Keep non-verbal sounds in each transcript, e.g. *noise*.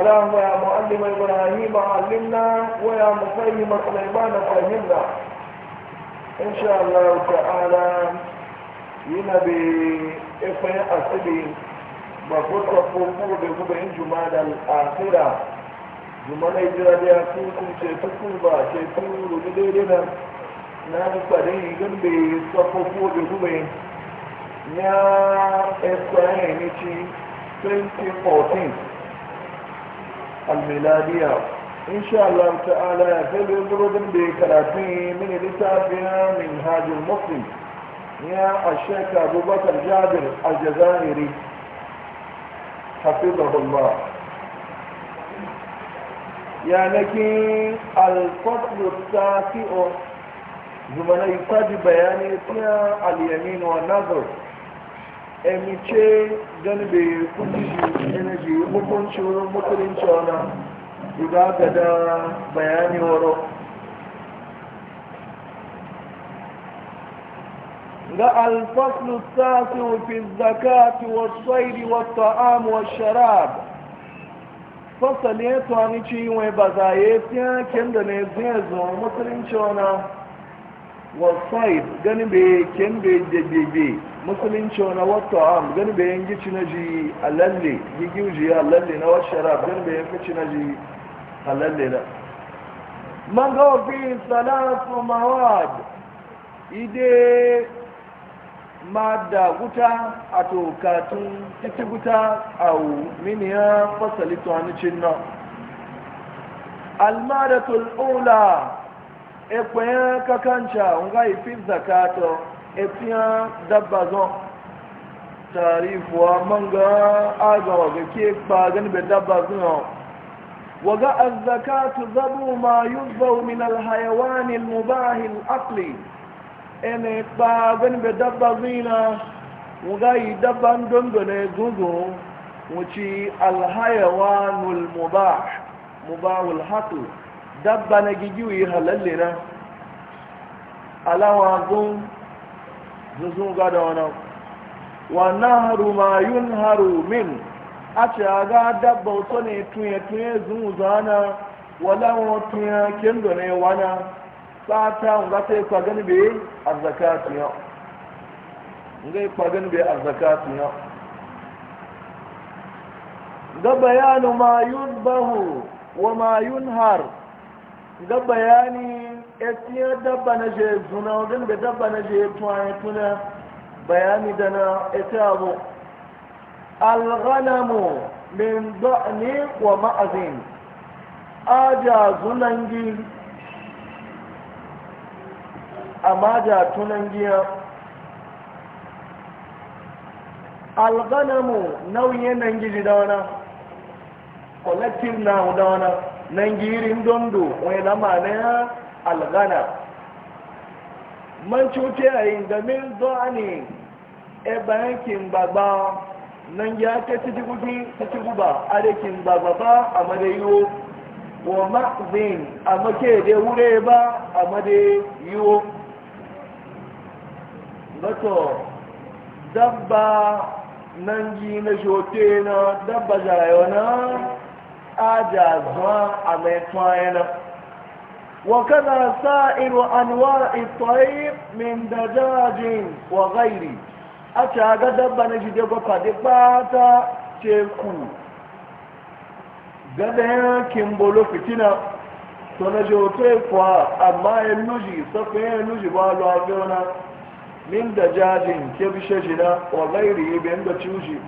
اللهم يا معلم إبراهيم علمنا ويا مفهم سليمان فهمنا إن شاء الله تعالى ينبي إفن أسبي بفوت فوقو بفوبين جمال الآخرة جمال إجراء لأسوكم شيطكم باشيطين لدينا نعم فريق بفوقو بفوبين يا إفن 2014 الميلادية إن شاء الله تعالى في البرود بثلاثين من لتابها من هاج المسلم يا الشيخ أبو بكر جابر الجزائري حفظه الله يعني الفصل التاسع زملاء بياني اليمين والنظر emice gani bai kudi shi energy hukuncin mutunin cewa guda gada bayani waro ga alfaslu tasiru fi zakati wa tsairi wa ta'amu wa sharab fasali ya tuwani ci wai ba za a yi tiyakin da ne zai zo mutunin cewa wa tsairi gani bai kyan bai jajjebe musulunci wani wata am gani bayan gici na ji a lalle yi ji a lalle na wata sharaf gani bayan gici na ji a lalle na man gawa fi salatu mawad ide ma guta a tokatun titi guta a miniya fasali tuwanicin nan almadatul ula ekwenye kakanca nga ifi zakato efiya dabba zon tarifuwa man ga ke gani bai dabba zuwa waga azzakatu zabu ma yuzbau min alhayawani almubahi alaqli ene gani bai dabba waga yi dabba dondone zuzu wuci alhayawanu almubah dabba na gigiwi halalle na alawa zun sun ga da wani wannan haru ma yun haru min a ce a ga dabba wato ne tunye-tunye zun zana wala wato ya kendo ne wana sata ga ta yi kwagan bai arzakatu yau nga yi kwagan a arzakatu yau ga bayanu ma yun bahu wa ma yun har ga bayani ya dabba na je zuna wajen da dabba na je tuwaye tuna bayani da na ita abu alghanamu min da'ni wa ma'azin aja zunangi amma ja tunangiya alghanamu nauyin nan gidi da wana collective na da wana nan girin dondo wani lama na ya alghana man cuce a yi domin zuwa ne e bayankin gbagba nan ya ta titi guki titi guba arikin gbagba ba a madayiwo wa ma'azin a make da wure ba a madayiwo gato dabba nan ji na shote na dabba zayona a jazuwa a mai tuwa yana وكذا سائر أنواع الطريق من دجاج وغيره أتاقى دبا نجد يبقى دباتا تيكو قدها كمبولو فتنة تنجو تيكوا أما ينجي صفي ينجي بالو عبيونا من دجاج كبشجنا وغيره بين دجوجي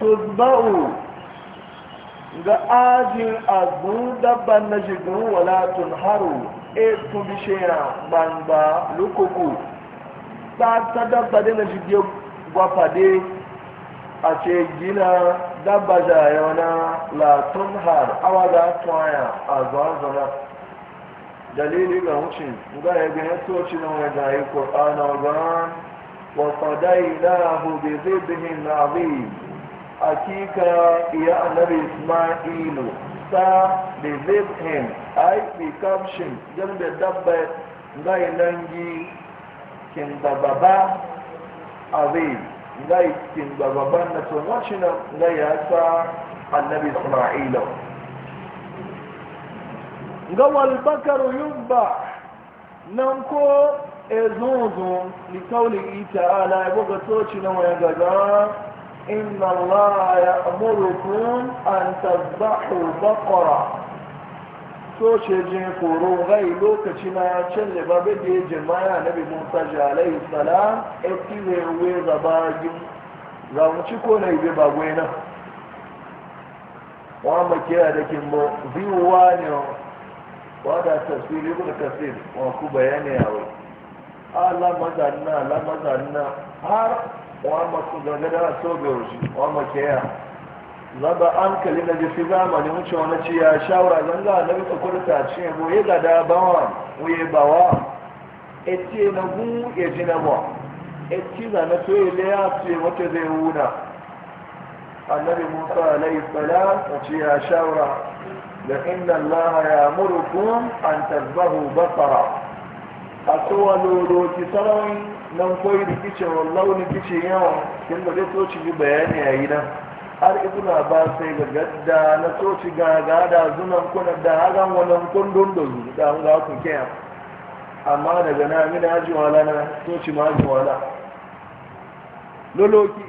تذبعوا ga ajin azun dabban na jigun walatun haru e tun bishera gbangba lukuku ta ta dabba na jigye gwafade a ce gina dabba da yana latun har awa da tuwaya a zuwa dalili ga wucin ga ya gani soci na wani dayi ƙor'ana ga wasadai na hobe zai bihin na abin Akika ya annabi ismailu ta da zai him kamshin jam da dabba ngai nangi kin da baba azim ngai kin da baba na to wacina ngai ya sa annabi ismailu gawal bakaru yubba nan ko ezunzun likaulihi ta'ala ya buga toci na wani gaga إن الله يأمركم أن تذبحوا بقرة سوشي جن قرون غي لوكتي ما يتشن لبابدي نبي موسى عليه السلام اتوه ويزباجم zamuci ko na ibe ba gwena wa ma kira da kin bo biyuwa ne wa da tafsiri ibn kasir wa ku har wamatu gangana so ga wuce wamake ya zaba an kali na jisi zamani wuce wani ci ya shawara zanga na bisa kurta ce mu ya gada bawa mu ya bawa eti na gun ya ji na ba eti su ya wace zai wuna annabi musa alaihi salam a shawara da inna allaha an tabbahu basara a tsowa lodoki sarawin nan koyi kicin launi kicin yawa kin da zai toci bi bayani a yi nan har na ba sai ga gadda na toci ga gada zunan kuna da hagan wannan kundun da zu da an ga ku kiya amma daga na mina haji wala na toci ma haji wala loloki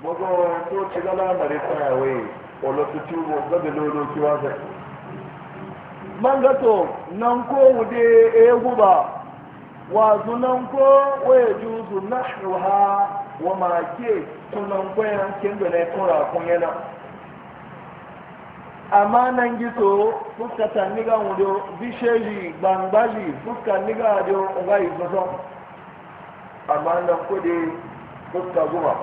mago toci gala mare tsayawe olotutu ga da loloki wa zai Mangato gato nan ko wude egu ba wazu nan ko waya juzu na shuha wa make tunan kwayan kin da na kora kun yana amma nan gito fuska ta niga wudo bisheli gbangbali fuska niga da unga izozo amma nan ko de fuska guma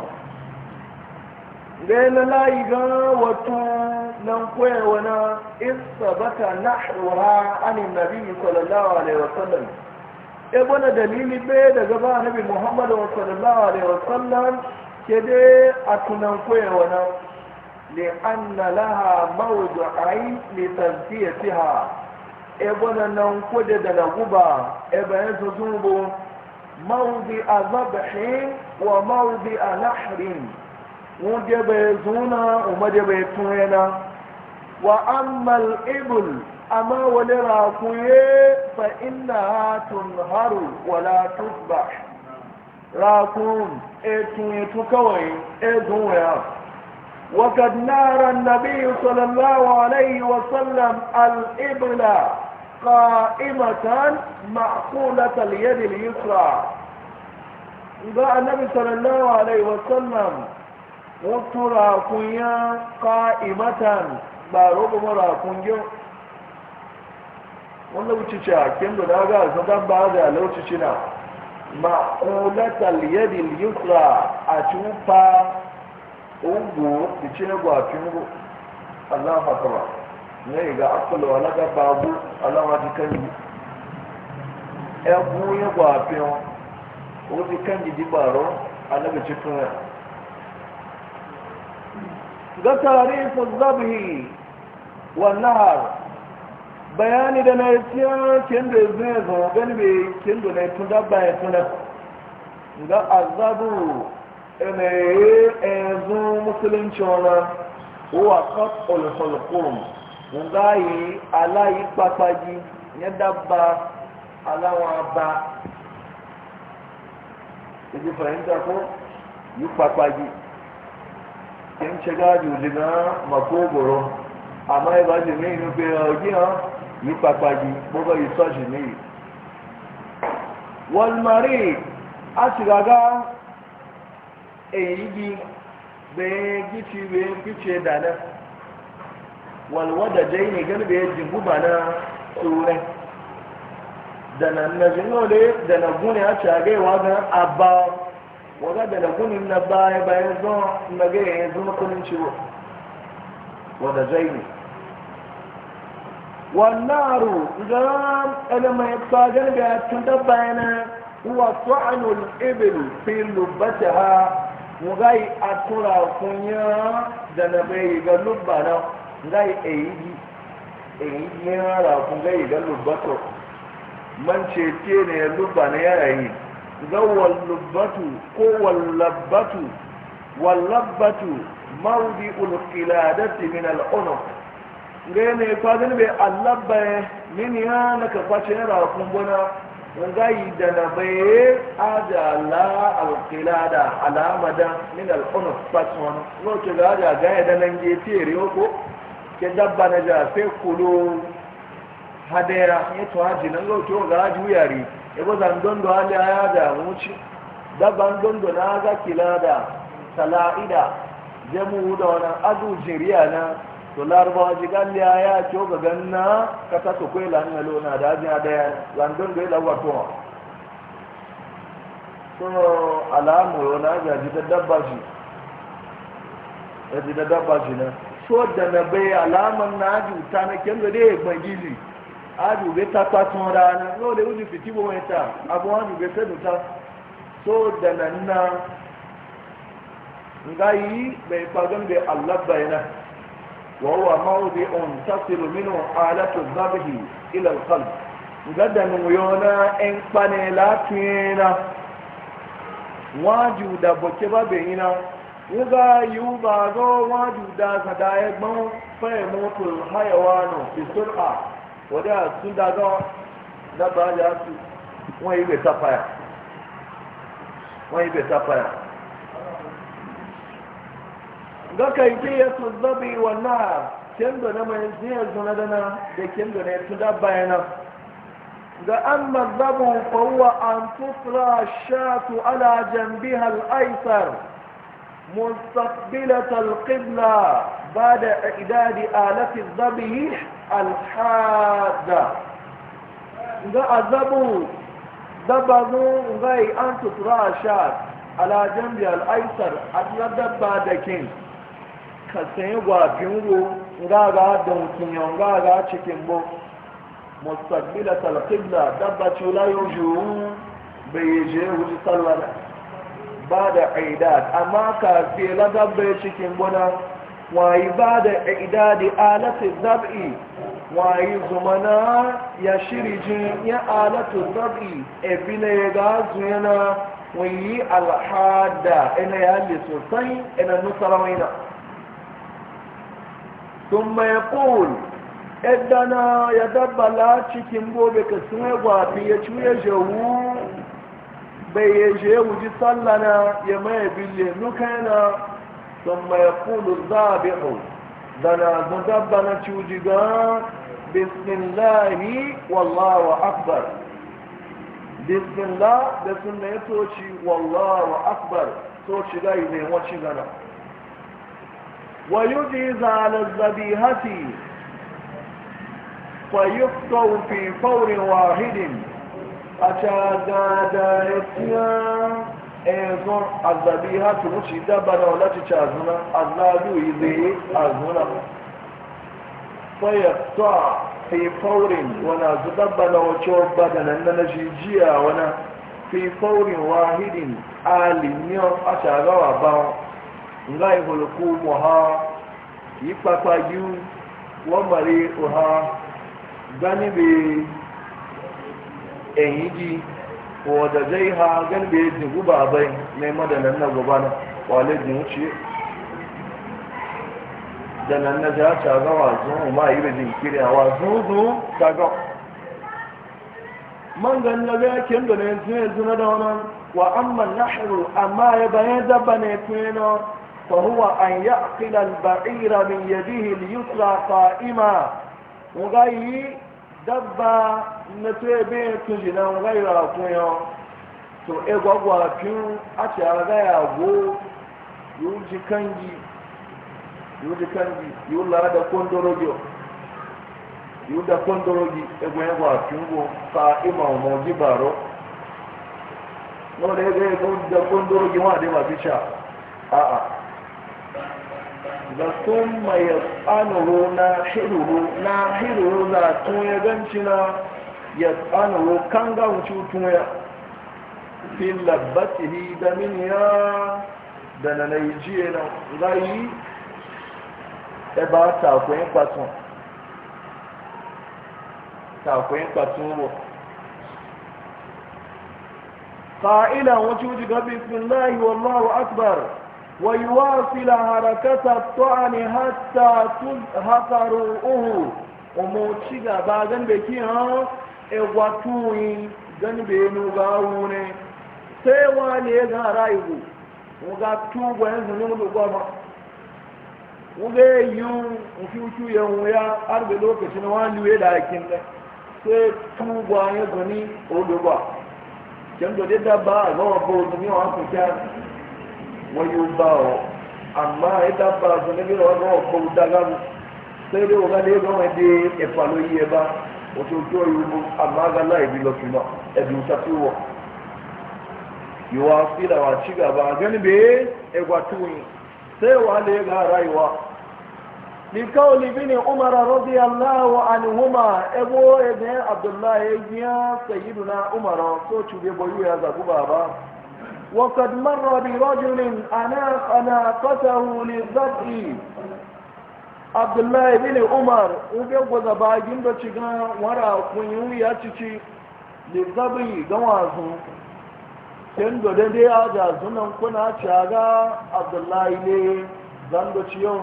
gai na layi ga wato nan koyawa na isabata na haɗuwa anin nabi sallallahu alaihi wasallam e bana dalili bai daga ba nabi muhammadu sallallahu alaihi wasallam ke dai a tunan koyawa na لأن لها موضعين لتنفيتها ابن ننقد لغبا ابن تزوب موضع wa وموضع نحر وجب يزونا ومجب يتوينا وأما الإبل أما ولراكوية فإنها تنهر ولا تذبح راكون إتوي تكوي إذويا وقد نار النبي صلى الله عليه وسلم الإبل قائمة معقولة اليد اليسرى إذا النبي صلى الله عليه وسلم wato rakunya ka'imatan ba roƙo ma rakunya wanda wuce a kendo da ga zadan ba da lauci cina ma'ulatal yadil yusra a cufa ungu da ce gwafin ru Allah fatara ne ga akwai wala ga babu Allah wa yi ẹgbun yẹ gwafin wọn ó ti kàn jìdí bàrọ alábẹ̀tí fún ga tarifin zabi wannan bayani da na tiya kendo zai zama gani bai kendo na tun dabba ya tuna ga azabu emaye ezu musulunci wana wa qat'ul hulqum yi alayi papaji ya dabba alawa ba Eji fahimta ko yi papaji kin ci gaju jina makogoro amma ya ba ji ne ni pe ogi han ni papagi gbogbo iso ji ni wal mari a ti gaga èyí gi bẹ́ẹ̀ gíci bẹ́ẹ̀ gíci dáná walwada jẹ́ yìí gani bẹ́ẹ̀ jì gúbà náà tsoron da na najin yau da na gune a ci a abba waga da lagunin na baya bayan zuwa magana ya zama kunin ciwo wadda zai ne wannaru ga alamai fagen da ya tun dabba yana huwa ta'anul ibil fi lubbata ha mu a tura kunya da na bai ga lubba na a yi ga man ce ne lubba na yara ga wallabatu ko wallabbatu wallabbatu maudi da min al'unuq ga ne fa gani be allabba e, min ya na ka kwace na rakun bona ga yi da na baye ajala da alamada min al'unuq fatwan no ga ga e ga da nan je tere ko ke dabba na jafe kulo kulu hadera ne to haji nan ga ju ebo zandon da hali ya da muci daban dondo na ga kilada, tala'ida, sala'ida jamu da wani adu jiriya na to larba ji galli a ya ce ga ganna ka ta su kwai lannalo na da ajiya daya zandon da ya lagwa kuma so alamu yau na gaji da dabba shi ya ji da dabba shi na so da na bai alaman na ajiyu ta na kyan da dai ya gbangili adùgbé tapa tán ra ni lóde ó ti fìtí bó wọn ta àbọ̀ adùgbé fẹ́nu ta tó dànà nà nga yìí bẹ̀ ìpàgọ́ níbẹ̀ alábàáyé náà wọ́n wà máa ó di ọ̀n tásìlò nínú alátò zábìhì ilẹ̀ òkàlù nga dànù yọ náà ẹ̀ ń panẹ̀ látìyẹn náà wọ́n á ju dàbọ̀ kí bá bẹ̀ yín náà. wuga yuba zo waju da sadaya gbon fai motul hayawano bi sur'a wọ́dẹ́ àtúndadọ́ dábàá yà sùn wọ́n yí bẹ̀ sáfàyà wọ́n yí bẹ̀ sáfàyà. gaka ike ya su zabi wannan kendo na mai ziyar dáná dé kendo na ya tuda náà. ga an mazabu fawwa an tufra shatu ala jambi al-aisar مستقبلة qibla ba'da idadi alati الذبيح alhada nga azabu dabazu ngai an tutura sha ala jambi al'aisar adna dabba da kin ka sayi gwafin ru nga ga don kunya nga ga cikin bu, mustaqbila talqibla dabba chula yuju bai je wuji sallar ba da aidat amma ka fi la dabba cikin bona waye ba da idadi alatun zab'i waye zumana ya shirijin ya alatun zab'i ebi na ya ga zuyana wani alhada ina ya sosai ina nutsara maina sun mai kowul ɗana ya dabbala cikin gobe ka sun gwafi ya cuye jawu bai yaje wuji sallana ya mai bille nuka yana ثم يقول الذابح دنا مدبنا تشوجيغا بسم الله والله أكبر بسم الله بسم الله توشي والله أكبر توشي غايزي وشي غنا ويجيز على الذبيحة فيفتو في فور واحد أشاد دايتيا ẹ̀ẹ́zọ́n àgbàbí hátùmù ti dábàdà wọn láti ṣe àzúná aláàlú ilé àzúná fọyẹ̀ tọ́ à fi fọ́rin wọn àzú dábàdà wọn tí wọ́n gbàdà nínú náà ṣe jí àwọn náà fi fọ́rin wá hídìn àlì ní aṣàgáwà bá wọn ńlá ìhòlùkú mọ̀ ha yí pápá ko da zai ha gan da ya jigu ba bai mai madanan na gaba na wale jin wuce da nan na ja ta ga wazo ma yi da jinkiri a wazo zo ta ga man gan na ga kin da ne zai zuna da wannan wa amma nahru amma ya bayan da bane tuno fa huwa an yaqila al-ba'ira min yadihi al-yusra qa'ima wa gayi dabba na tsaye bin tuji gaira kunyo to e gwagwa fin a ce a gaya go yuji kangi yuji kangi yula da kondorogi yóò da kóńdórógi egun yẹn wà túnbù fa ìmọ̀ ọmọ jíbàárọ̀ lọ́wọ́ lẹ́yìn ẹgbẹ́ ìgbọ́n da kóńdórógi wọn àdéhùn a. a ga sun mai tsanuru na hiruru na hiruru za a ya ganci na ya tsanuru kan ga wuce tun fi labbatihi da miniya da na naijiya na rayi ya ba takoyin kwaton takoyin kwaton ro fa’ila wuce wuce gabi bismillahi wallahu akbar ويواصل حركة الطعن حتى تزهق رؤوه وموتشيغا باغن بكي ها اغواتوين جنبه نغاونه سيوا ليغا رايغو وغاتو وين زنون لغوما wuge yiwu nfi uchu ya nwuya arbe lokacin wani wuye da aikin da sai tugwa ya gani ogbe ba kyan dode dabba a gawa ba ogbe yawa kuka wọ́n yóò bá ọ àmọ́ ẹ̀dá bá aṣọ níbi ọ̀rọ̀ náà kọ́ ọ dágáwó sẹ́yìn ọ̀gá ní ẹgbẹ́ wọn dé ẹ̀fà ló yí ẹ bá òtútù ìwúwo àmọ́ agala ìbí lọ tùmọ̀ ẹ̀bí ń sàtú wọ̀ yòówá fílà wà túwìn sẹ́yìn wà lè ara ìwà. وقد مر برجل أناق أناقته للذبح عبد الله بن عمر وبيقوز باجين بشيغان ورا كنيوي ياتشي للذبح جوازه kin da dai a da sunan kuna abdullahi ne zan da ciyon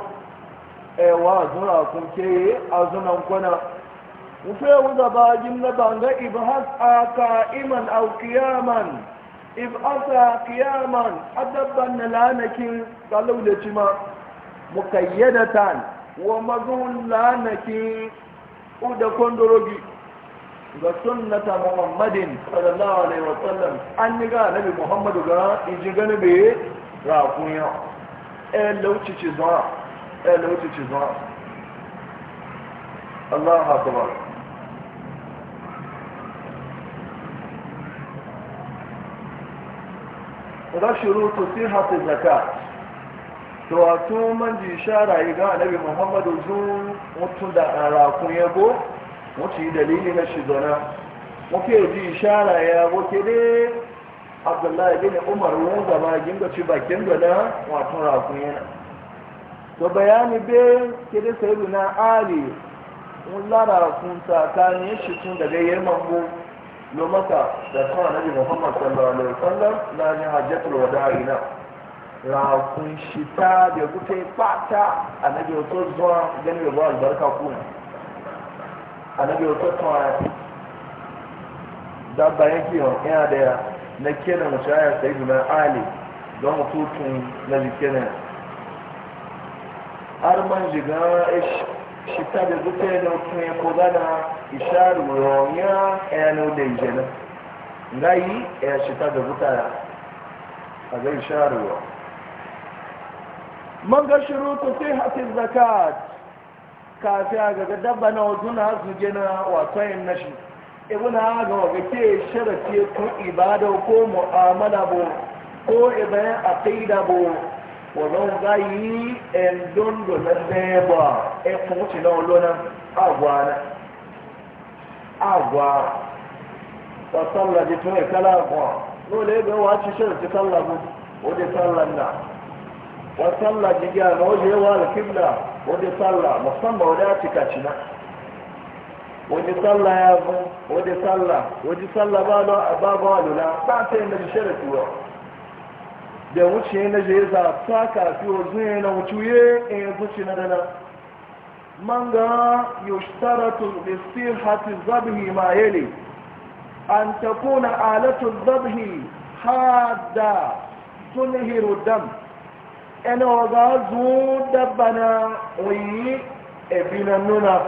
ewa zura ke a sunan kuna wufe wuza bagin na banga ibhas a iman if asa kiyaman adabban na lanakin galau da cima mukayyadatan wa mazun lanakin uda kondorogi ga sunnata muhammadin sallallahu alaihi wasallam an ni ga nabi muhammadu ga iji gani bai rakunya e lauci lauci ci zuwa Allah akbar rashuru tu fi hafi zaka to wato man ji shara yi ga annabi muhammadu zun mutu da rakun yabo mutu yi dalili na shi muke ji shara ya wuke ne abdullahi bin umar wun zama ginga ci bakin gana wato rakun yana to bayani be kede sayi na ali mun lara kun tsakanin shi tun daga yamman gobe yo maka da kan annabi muhammad sallallahu alaihi wasallam na ni hajjatul wada'i na ra kun shita da kuke fata annabi wato zuwa ganin ba albarka ku annabi wato ta dabba yake yana da na kenan wasu ayar sai na ali don hututun na jikinan har man jiga eh, shi da zuke da mutum ya ko gana isharu ronya eno da ijena Ngai ya shita da buta a ga isharu wa man ga shurutu sihhati zakat kafi a ga dabba na wajuna zuje na yin nashi ibuna ga waga ke sharafi tun ibada ko mu'amala bo ko ibayan aqida bo wọ́n bá yí ẹ̀ńdóńdó lọ́dẹ́ẹ̀bọ̀ ẹ̀kún tìlọ́ lọ́nà àgbọ̀ àná agwa ta sallah ji tun kala agwa no le ga wa ci shirin ci sallah mu o de sallah na wa sallah ji ga no je wa al qibla o de sallah musamman wada ci ka ci na o de sallah ya bu o de sallah o de sallah ba lo ba ba lo na من يشترط لصحة الذبح ما يلي أن تكون آلة الذبح حادة تنهر الدم أنا وغازو دبنا وي ابن النونة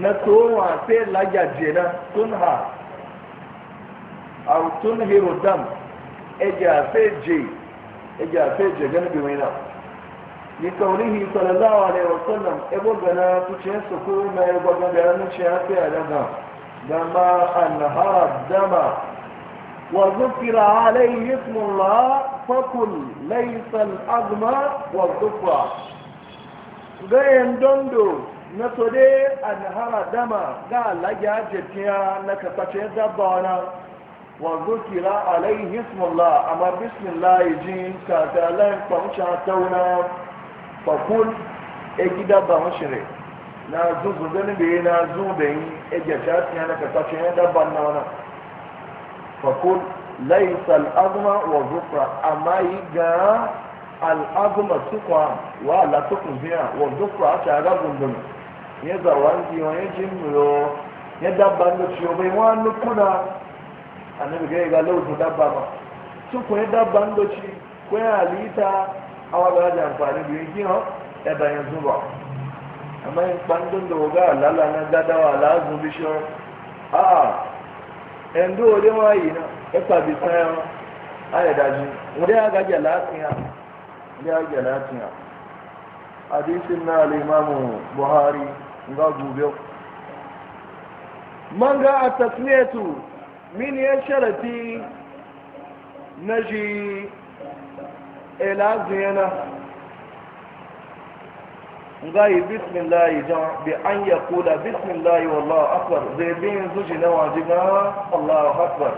نتوى في لجاجنا تنهى أو تنهر الدم إجا في جي إجا في جي جنبي وينه لقوله صلى الله عليه وسلم ابغنا تشين سكون ابغنا بيان شافي لنا لما انهر الدم وذكر عليه اسم الله فقل ليس العظم والضفة غير دوندو نتودي انهر الدم قال لجا جتيا نكتشي دبانا وذكر عليه اسم الله اما بسم الله يجين كاتا لن فمشا تونا fakul e gida ba mashire na zuzu gani da yi na zu da yi e gyata ta yana ka tashi ya dabba na wana fakul lai al'azma wa zufra amma yi ga al'azma sukwa wa la tukun biya wa zufra a tara gundun ya zawan ji wani jimiro ya dabba da ciyo bai wani kuna annabi ga ya ga lauzu dabba ba sukwa ya dabba da ci ko ya halitta hawa ba da amfani da yin kiyon ya bayan zuba amma yin kpandun da waga lala na gadawa lazu bishiyar a a yan duwa da ma yi na ya kwabi sayan aya daji wadda ya gajiya lafiya wadda ya gajiya lafiya hadisin na a tasmiyatu min ya sharafi na shi ilazu yana ngayi bismillahi jan bi an ya kula bismillahi wallahu akbar zai bin zuci na wajiga allahu akbar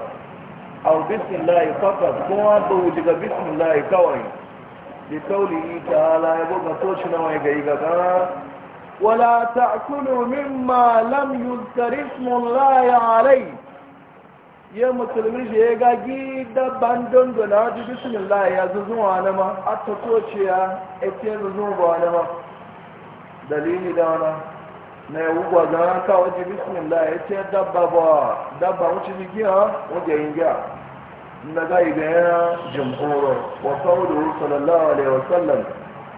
au bismillahi fakat kuma da wujiga bismillahi kawai bi kauli ta'ala ya buga toci na wai gai gaga wala ta'kulu mimma lam yuzkar ismullahi alayhi ya musulmi shi ya gagi dabban dondo na wajen bismillah ya zuzun wani ma a ta toce ya e ake wani ma dalili da wani na ya wugwa zana ka wajen bismillah ya ce dabba ba dabba wuce jiki ha wajen yin gya na ga igaya jim'oro wa sauru sallallahu alaihi wa sallam,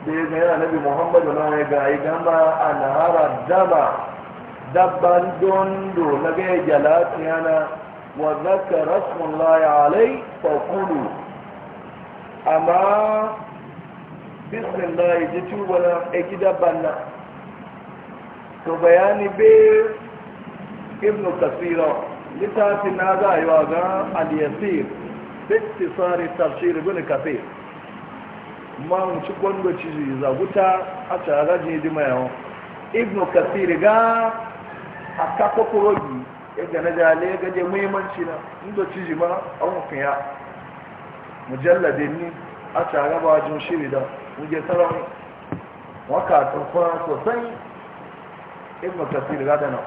da ya gaya nabi muhammadu na ya ga yi gama a nahara dama dabban dondo na ga yi jalatiya na وذكر اسم الله عليه فقولوا أما بسم الله جتو ولا اكدا بنا تبياني بي ابن كثير لتاتي نادا يواغا اليسير باختصار التفسير ابن كثير ma ci gwanda ci zaguta a tsara jini di mai ibn kathir ga a kakwakwurogi yadda na jale gaje muhimmanci na inda ciji ma an fiya mujalladin ni a tare ba jin shiri da muke sarari wakatun kuma sosai ibn kasir gadana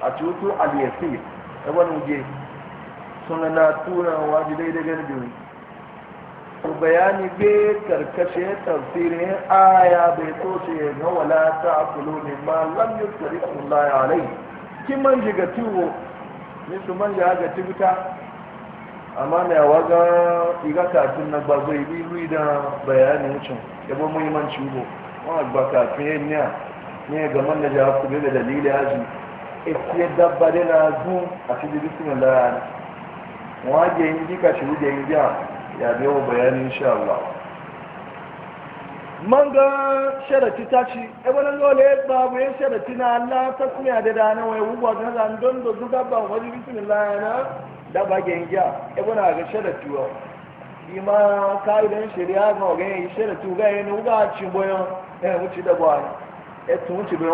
a cutu al-yasir ibn muke suna na tura waje daidai gani biyu ku bayani be karkashe tafsirin aya bai toce na wala ta akulu ne ma lam yusrifu Allah alai kin man jiga tuwo nisu man da aga tibuta amma na yawa ga iga kafin na gbagbo ibi lui da bayani wucin yabo muhimmanci ubo wani agba kafin yin niya ne ga man da ja ku da dalilin aji ita dabba ne na zu a cikin bisimin da yana wajen yi dika shi wujen yi ya biyo bayanin sha Allah man sharati ta ci e wani lole babu yin e sharati na Allah ta kuma da dana wai wuwa ga zan don da duka ban wani bismillah yana da ba gengiya e ga sharati wa shi ma kaidan shari'a ga ga yi sharati ga yi ne ga ci boyo e wuci e, da gwa e tun ci bai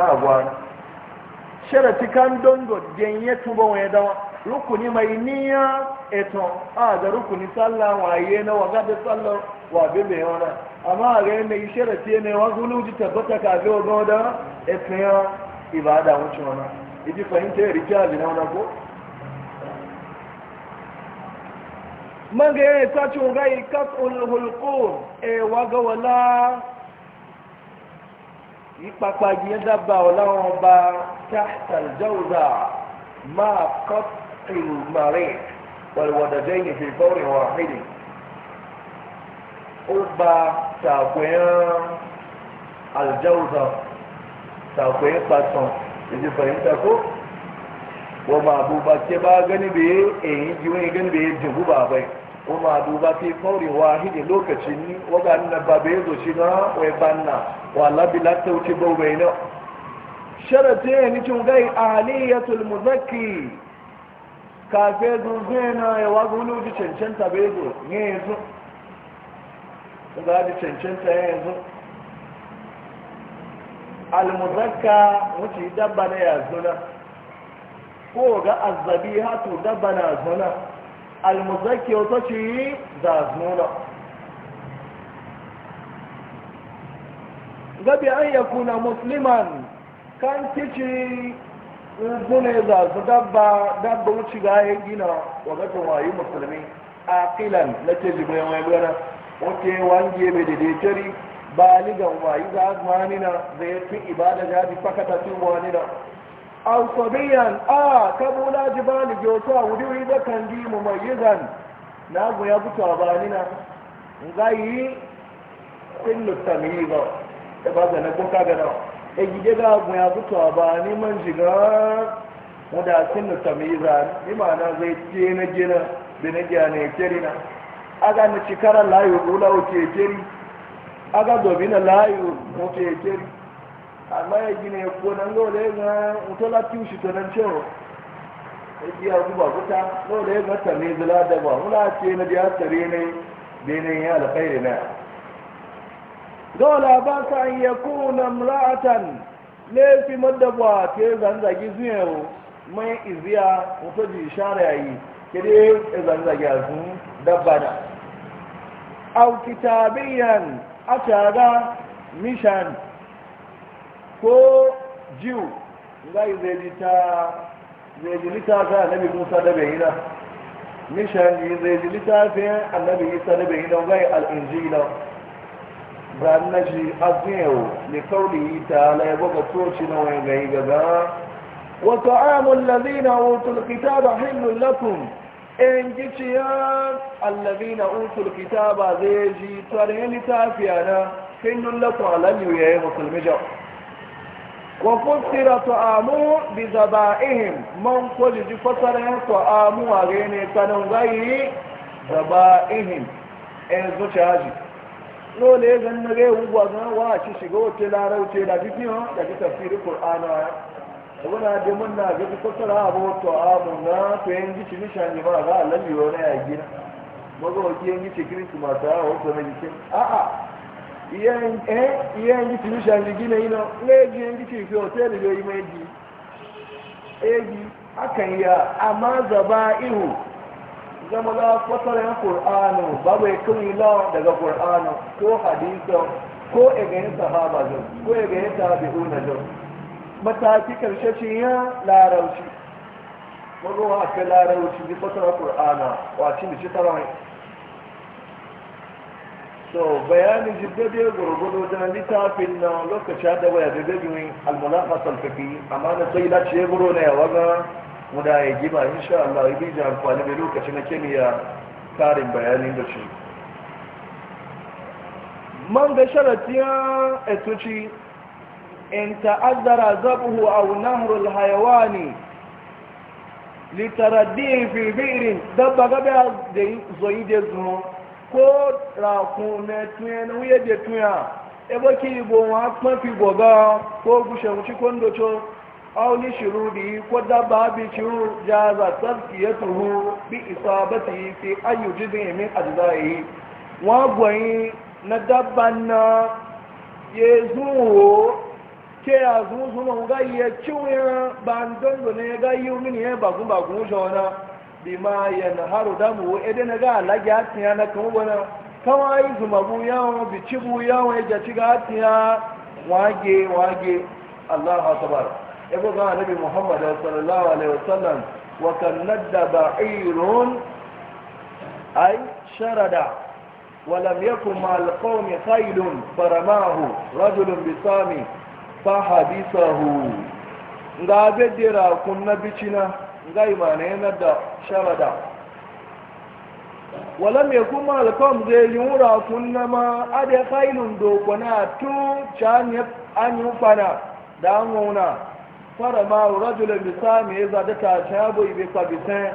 a gwa sharati kan don do genye rukuni mai eto a na da amma a ga yadda yi sharafi ne wasu luji tabbata kafin wa gama da efiyan ibada wuce wana iji fahimta ya rike abin wana ko man ga yadda ta ce gai kasul hulko e waga wala yi kpakpagi ya dabba wala wọn ba tahtal jauza ma kasul mare walwadajai ne fi faurin wahidi ba takoyan aljauza takoyan patron yaji fahimta ko wa ma duba ke ba gani bai eyin jiwon gani bai jibu ba bai wa ma duba fi kaurin wahidi lokaci ni waga na ba bai zo shi na wai banna wa labi latta wuce bau bai na sharate ya ni cin gai aliyatul muzakki kafe zuzu na ya wazo wani wuce bai zo ne yanzu za da cancanta ya yanzu almuzakka wuce dabba na yazuna ko ga azabi hatu dabba na zuna almuzakki wata ce za zuna gabi an ya kuna musliman kan kici gune za su dabba dabba wuce ga ya gina wa gajin wayi musulmi aqilan na ce jibirin wani wace wange mai daidaitari ba ni ga umayi ga azmani na zai fi ibada bi fakata tun wani na an sabiyan a na. ji ba ni gyoto a wuri wuri da kan ji mu mai zan. na goya butu a bani na ga yi sun lutami ba da e ba ga na kuka ga na e gide ga goya butu a bani man shiga mu da sun lutami zan imana zai ce na gina da na gina ne kirina aga na cikara layo lula oke keri aga na layo oke keri amma ya gina ya kuwa ngo lola ya utola tiushi to nan cewa ya ji abu ba kuta lola ya ga tare zula da ba Wula ce na biya tare ne bene ya alkhairi na dole ba ka an kuna imra'atan lefi madaba ke zanzagi zuwa mai iziya mutoji shara yayi kede zanzagi a dabba da أو كتابيا أتاغا مشان كو جيو غاي زيجتا زيجلتا كان النبي موسى دبهنا مشان زيجلتا في النبي عيسى دبهنا وغاي الإنجيل ranar shi aziyo da kauli ta ala ya buga toci na wani gai gaga wata amur lalina wutul kita da hillun lakum in giciyar allabi na utul kitaba zai ji tsarin littafiya na hinnun lakon alamu ya yi musulmi jau wa fustira ta'amu bi zaba'ihim man kwaji ji fasarin ta'amu a gane sanin gayi zaba'ihim in zuciya ji lole zan na gaiwu zan wa ci shiga wace larauce da fifiyon da fi tafsirin kur'ana wuna da mun na gaji kusur abu to abu na to yin gici nishan ne ba ala a lalli wani a gina maza waki yin ma kiristi masu yawa wato na a-a iya yin gici nishan ne gina ina leji yin gici fi hotel da ji eji akan ya ama zaba ihu zama za ya yin babu daga ko hadisan ko ko na mataki karshe ce ya larauci magowa ka larauci bi fasara qur'ana wace da shi tarawai so bayanin jiddade gurgudu da littafin na lokacin da waya da gajin almulahas alfafi amma na sai lati ya guro na yawa ga muda ya giba insha Allah ya bija amfani da lokacin na kimiyya karin bayanin da shi man da sharatiya etuci إن تأذر ذبه أو نهر الحيوان لترديه في بئر دب قبل زيد الزنو ko rakun na tuyen wuye da tuya ebe ki ibo wa fi goga ko gushe wuci kondoto auli di ko dabba bi shiru jaza tazkiyatuhu bi isabati fi ayu jizin min ajzai wa gwayi na dabban na yezuwo ke ya zuzu na ga ya ciwon bandon da ne ga yi mini ya bagun bagun jona bi ma ya na haru da ede na ga lagi hatiya na kan wani kawai yi zumabu yawon bi cibu yawon ya gaci ga hatiya wage wage allah akbar ebo ga nabi muhammad sallallahu alaihi wasallam wa kan nadda ba'irun ay sharada ولم يكن مع القوم خيل فرماه bi sami. nga be dira kun na bicina ga imana na da sharada wala mai kuma alkom zai yi wura kun na ma adai kailun dokona tun tu an anyu pana da an wuna fara ma rajula bisa mai zada ta shabo ibe kwabisan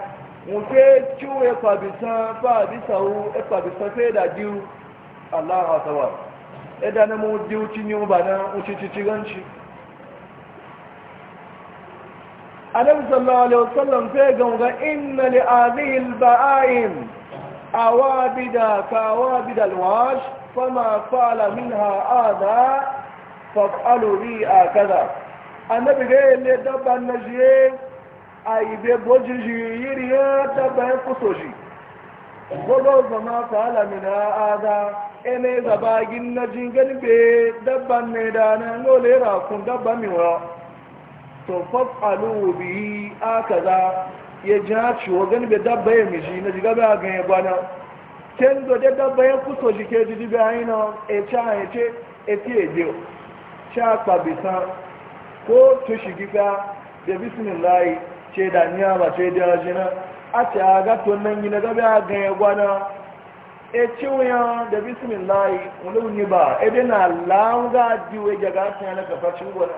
wufe ciwo ya bisa fahabisahu ya e kwabisan fai da diyu allah hasawa ẹ̀dá na mo dé ojú ní ọba náà ó ti títí ránṣì alẹ́bùsọ̀lọ́ alẹ́bùsọ̀lọ́m fẹ́ gànga iná lè àdíyìn ba'áyìn àwábìdà kàwábìdà lọ́wọ́ṣ fọ́mà fààlà mìíràn àdá fọ́fàlórí àkádà anábìrẹ́ ilé dábà na ṣe àìbé bójúṣì yìí rí dábà ẹkùsọ̀ṣì gbogbo ọgbọ̀n máa fààlà mìíràn ene zabagin na jingani be dabban ne da na ngole ra kun dabba mi wa to fafalu bi akaza ya ji ci wa gani be dabba ya mi na jiga ba ga ya na ken do de dabba ya kuso jike jiji be aina e cha e che e ti e dio cha pa bisa ko to shigifa da bismillah ce da niya ba ce da jina a ta ga to nan gina ga ba na. e ciwon da bismillahi wani yi ba ebe na langa diwe jaga ta yana kafa cingona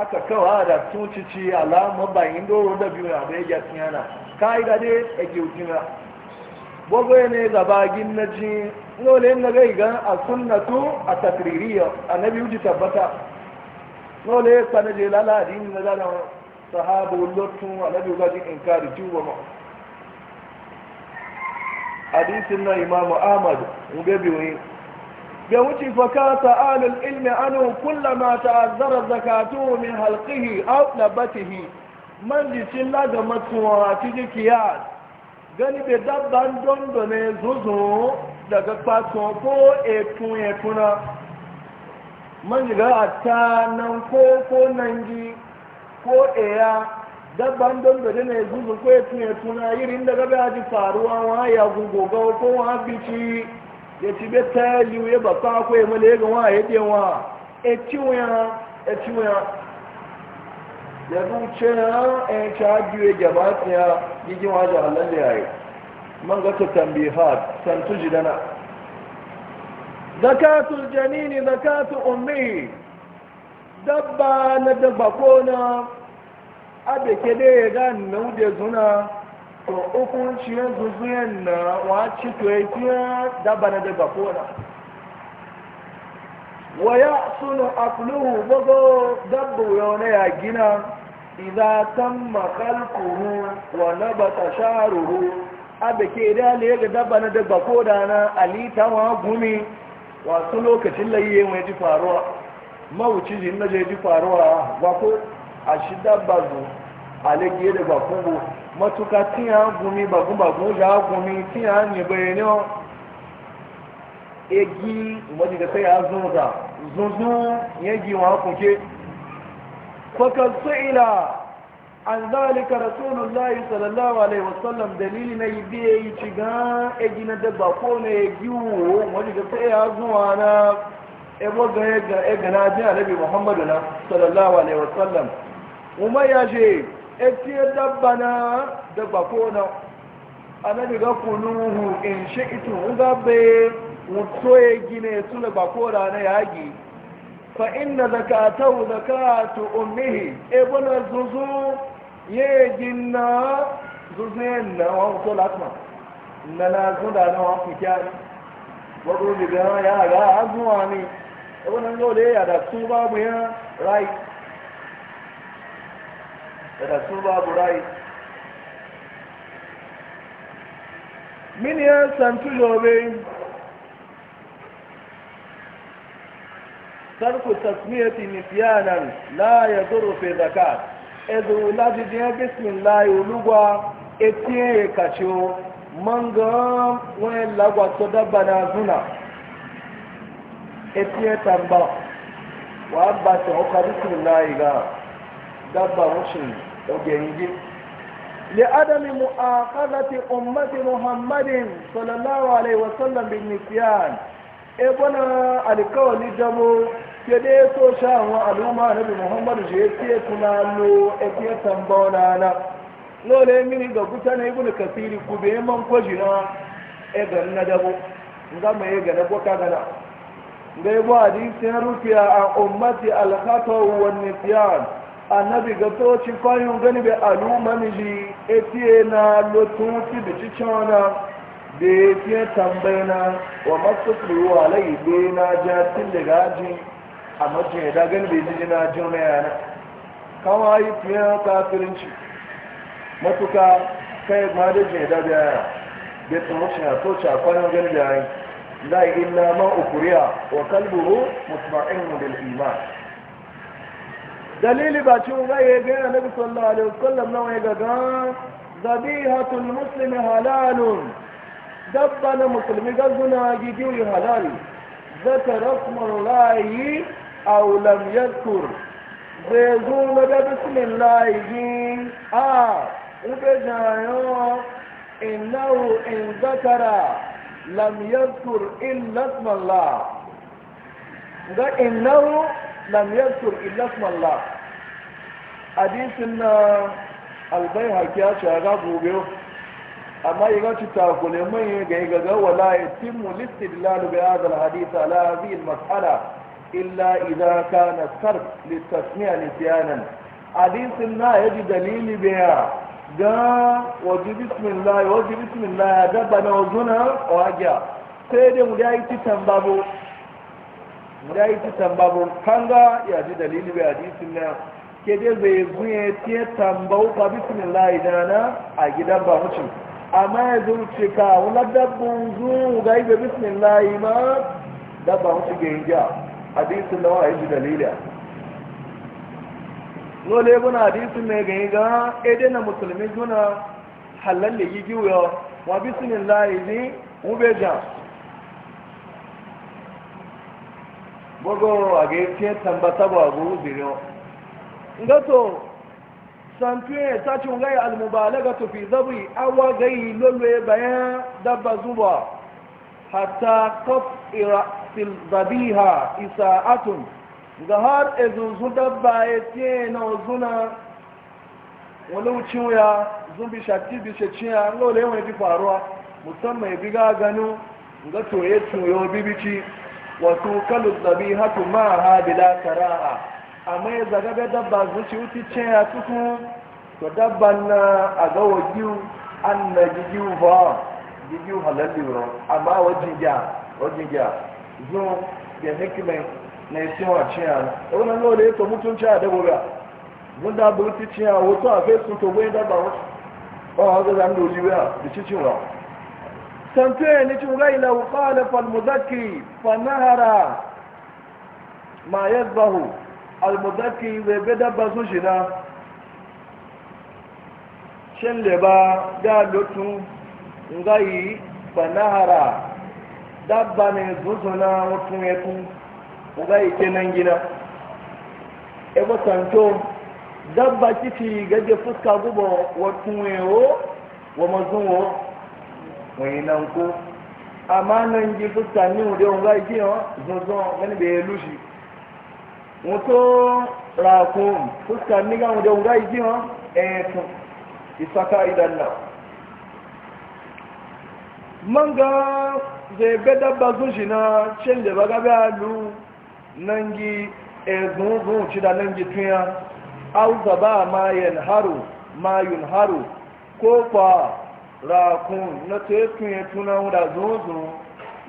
aka kawa da tun cici alama bayin doro da biyu na bai jatin e yana ka'ida dai a gyautina gbogbo ya ne gaba na ji nole na gai gan a sunnatu a takririya a na biyu ji tabbata nole sanaje lalari na zanen sahabu lotun a na biyu gaji in kari tuba ma hadisin na imamu ahmad nga biwe ya wuce fakata alul ilmi anu kullama ta'azzara zakatuhu min halqihi aw nabatihi man ji cin laga matuwa cikin kiyas gani bai dabban dondo ne zuzu daga kwato ko etun etuna man ji ga a nan ko ko nan ji ko eya dabban don da na ya zuzu ko ya tuna tuna irin da gaba ya ji faruwa wa ya ga ko wa bici ya ci be ta liu ya ba fa ko ya male ga wa ya dewa e ciwa e ciwa ya du ce na e cha biyu ya gaba ya gigi wa da Allah da yayi man ga ta tambihat san ji dana zakatul janini zakatu ummi dabba na dabba ko na abe ke da ya ga na zuna to hukunci ya zuzuyen na wace to ya fiye daba na daga kona wa ya sunu akluhu bago dabba ya wani ya gina idan tamma kalkuhu wa nabata sharuhu abe ke da ya ga daba na daga kona na alitawa gumi wasu lokacin layi mai ji faruwa mawuci jin na je ji faruwa wako a shi dabba zo a lege da bakungu. matuka tiya gumi bakun bakun ja gumi tiya ne bayani o egi wani da sai ya zo da zuzu ya gi wa kuke fakar su'ila an zalika rasulullahi sallallahu alaihi wasallam dalili na yi biye yi ci ga egi na dabba ko ne ya gi wo wani da sai ya zuwa na ebo ga ya ga na jin annabi muhammadu na sallallahu alaihi wasallam kuma ya ce etiyar e dabba na dabba ko na annabi ga kunuhu in shi ito nga be mutu ya gine su da bako na yagi fa inna zakatahu zakatu ummihi e bona zuzu ye ginna zuzu na wa to latma na na zunda na wa fitiya wa bi ga ya ga azuwa ni e bona ngole ya da su babu ya right da su babu rai miniyan santu lobe tarku tasmiyati nisyanan la yadurru fi zakat ezu lati je bismillah ulugwa etie kacho manga wen lagwa to dabana zuna etie tamba wa ba to ka bismillah ga dabba mushin ogenjin li adami mu'aqabati ummati muhammadin sallallahu alaihi wa wasallam bin nisyan e bona alkawli damu ke de so shawo aluma nabi muhammad je ke tunalo e ke tambona na N'o lole mini ga kutana ibn kasiri ku be man kwajina e ga na dabu nga mai ga na boka gana ngai bo hadisi na rufiya a ummati alkhata wa nisyan annabi ga ci kwayon gani bai alumani ji etiye na lotun ti da cicciona da ya fiye tambayina wa masu tsoro alayi da na ja tun da gaji a majin da gani bai ji na jin na yana kawo yi fiye kafirinci matuka kai ma da jin da biya da tsoci a toci a kwayon gani da yi la illa ma ukuriya wa kalburu mutma'in bil iman دليل باتشو غايه غير النبي صلى الله عليه وسلم نوع غدا ذبيحة المسلم حلال دبنا مسلم غزنا جيجي حلال ذكر اسم الله او لم يذكر زيزون بسم الله جين آه وبجايو إنه إن ذكر لم يذكر إلا اسم الله ده إنه lam yantur illa Allah na albai haki ya gobe amma yi gaci takule mai ga yi gaga wala ya timu listin lalu bai azal hadisa ala hadhihi mas'ala illa idza kana sarf litasmiya nisyanan hadisin na yaji dalili biya ga waje bismillah waje bismillah ya daba na wajuna wajiya sai dai mu yi titan babu da yi ci tambabon kanga ya ji dalili bai hadisin na ke dai zai zuye ce tambau ba bisin layi dana a gidan ba mucin amma ya ce ka wula dabbun zuwa ga ibe bisin layi ma dabba mucin ga yin ja hadisin na wa yi ji dalili lole guna hadisin mai ga yi ga eh, na musulmi guna halalle yi giwuyo wa bisin layi ne ube jan bugu a ga yake tambata ba bu ga ngato santuye ta cin gai almubalaga to tufi zabi awa gai lolwe bayan dabba zuba hatta qaf irasil isa isa'atun ga har ezuzu dabba ya ce na zuna wani wucin ya zumbi shakti bishe ciya lole yawon ya fi faruwa musamman ya bi gaganu ga ya toyo bibici wato kalu zabi hatu ma ha bila kara'a amma ya zaga dabba zuci wuce ce ya tuku na a ga wajiyu an na jijiyu ba jijiyu halalli amma wajen gya wajen gya zo da hikimai na wa ce ya na wani lori ya to mutunci a dabo ga mun da burti ce ya wato a fesu to dabba wasu tamfiye ni cin rai lau kala falmuzaki fanahara ma zahu almuzaki zai bi dabba su shi na shin leba ga lotun ngayi fanahara dabba ne zuzu na mutum ya tun ngayi kenan gina ebo tanto dabba kiti gaje fuska gubo wa wo wa wo. muyin na nko. Amaa nangị fụsita ni e i ka i wụ gaa iji hã zụzụ, enibi elu ji. Nko ọ laa kum, fụsita ni i ka Isaka i dara naa. Manga dị bédè bàzụ́ na Chendebaga bịa alụm nangi ezughi chida na nji tu ya. ma yen haro, ma yun haro, kookwa. rakun na tekun ya tuna wuda zozo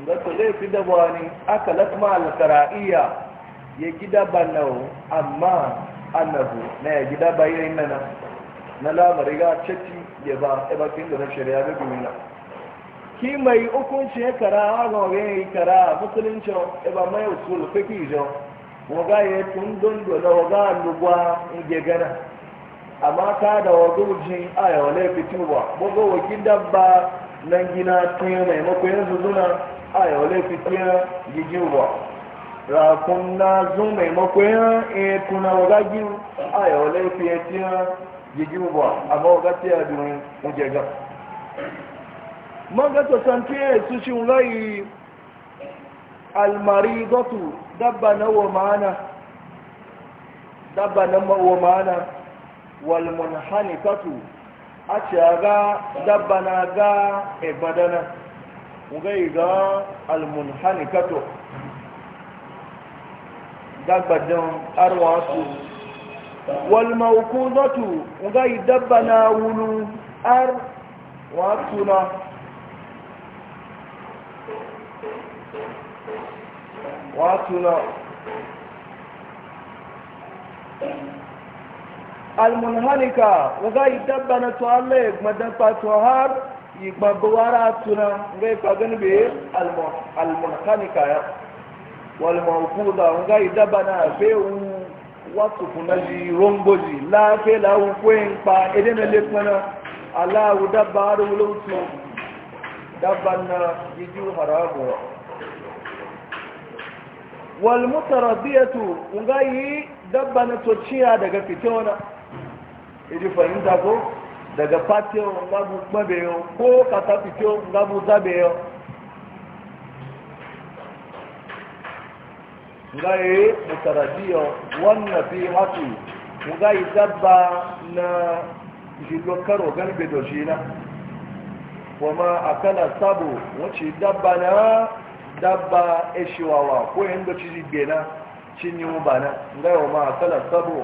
da ta laifi da wani aka lakma alkara'iya ya gida banau amma annabu na ya gida bayan nana na lamari ga ciki ya ba a bakin da na shari'a da duniya ki mai hukunci ya kara hagon ya yi kara musulunci ba mai usul fiki jo waga ya tun dondo na waga lugwa in gana amma ka da wazo jin aya wala fitu ba wakin dabba nan gina tun maimako yanzu zuna aya wala fitu ya ba rakun na zun maimako ya e tuna waga gin aya ya ba amma waga ta yadu mujega man ga to san ke su shin rai almaridatu dabba na wa dabba na wa ma'ana walmunhanikatu a ce ga dabba na ga ibadana ngai ga almunhanikatu dabbadan arwasu walmaukuzatu ngai dabba na wulu ar watuna watuna almunhalika waga idabba na tuwalla ya madafa tuhar yi gbabawara tuna ga yi fagen be almunhalika ya walmaukuda waga idabba na bewu wasu kuna ji romboji lafe lawun kwen pa idan na lekwana alahu dabba har wulautu dabban na yiju haramu walmutarabiyatu waga yi dabba na tociya daga fitona idi fahimta ko daga fatiyo ngabu mabeyo ko kata fitiyo ngabu zabeyo ngaye mutarajiyo wannan fi hatu ngayi dabba na jilo karo gani bedo jina? na kuma akala sabu wace dabba na dabba eshiwawa ko yin da ciji bena cinye mu bana ngayi wa ma akala sabu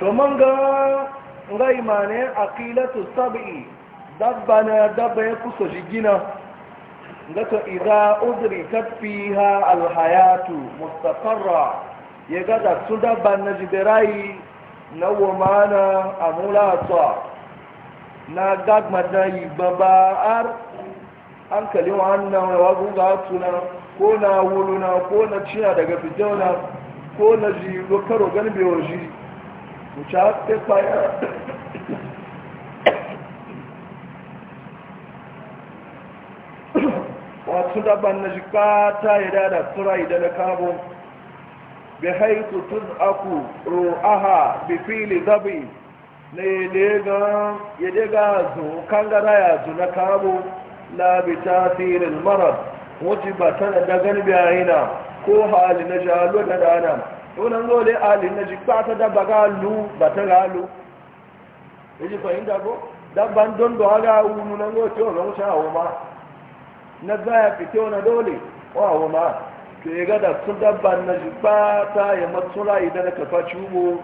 to man ga ngai mane aqilatu sab'i dabba na dabba ya kusa jigina ga to idza udri fiha alhayatu mustaqarra ya ga da su dabba na jibirai na wamana amulata na gagma da yi baba'ar an kalin wannan wagun ga tuna ko na wuluna ko na cina daga fitona ko na ji karo ganbe bewa mucha pepa ya wasu daban na jika ta yi da tura idan na kabo bi haitu tun aku ro'aha bi fili zabi na ya daga zu kangara ya na kabo la ta tasirin marar wajen ba tana da yana ko hali na jalo da dana tunan lole alin na jikpa ta dabba ga lu ba ta ga lu yaji e fahimta ko dabban don do aga wunu nan go to ron sha o ma na zaya fito na dole wa o ma to ya e ga da sun dabban na jikpa ta ya matsura idan ka fa cubo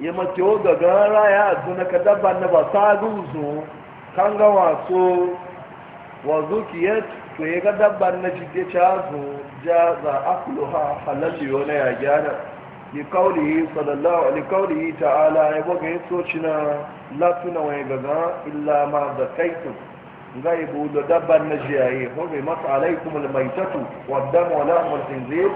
ya mace o ga gara ya zu na ka dabban na ba sa zuzu kan ga waso wa zukiyat to ya ga dabban na jike cazo ja za akuluha halalli wani ya gyara likaulihi sallallahu likaulihi ta'ala ya boga ya soci na latuna wani gaga illa ma da kaitu zai buɗe dabban na jiyaye hurbe masu alaikum almaitatu wadda wala mulkinzir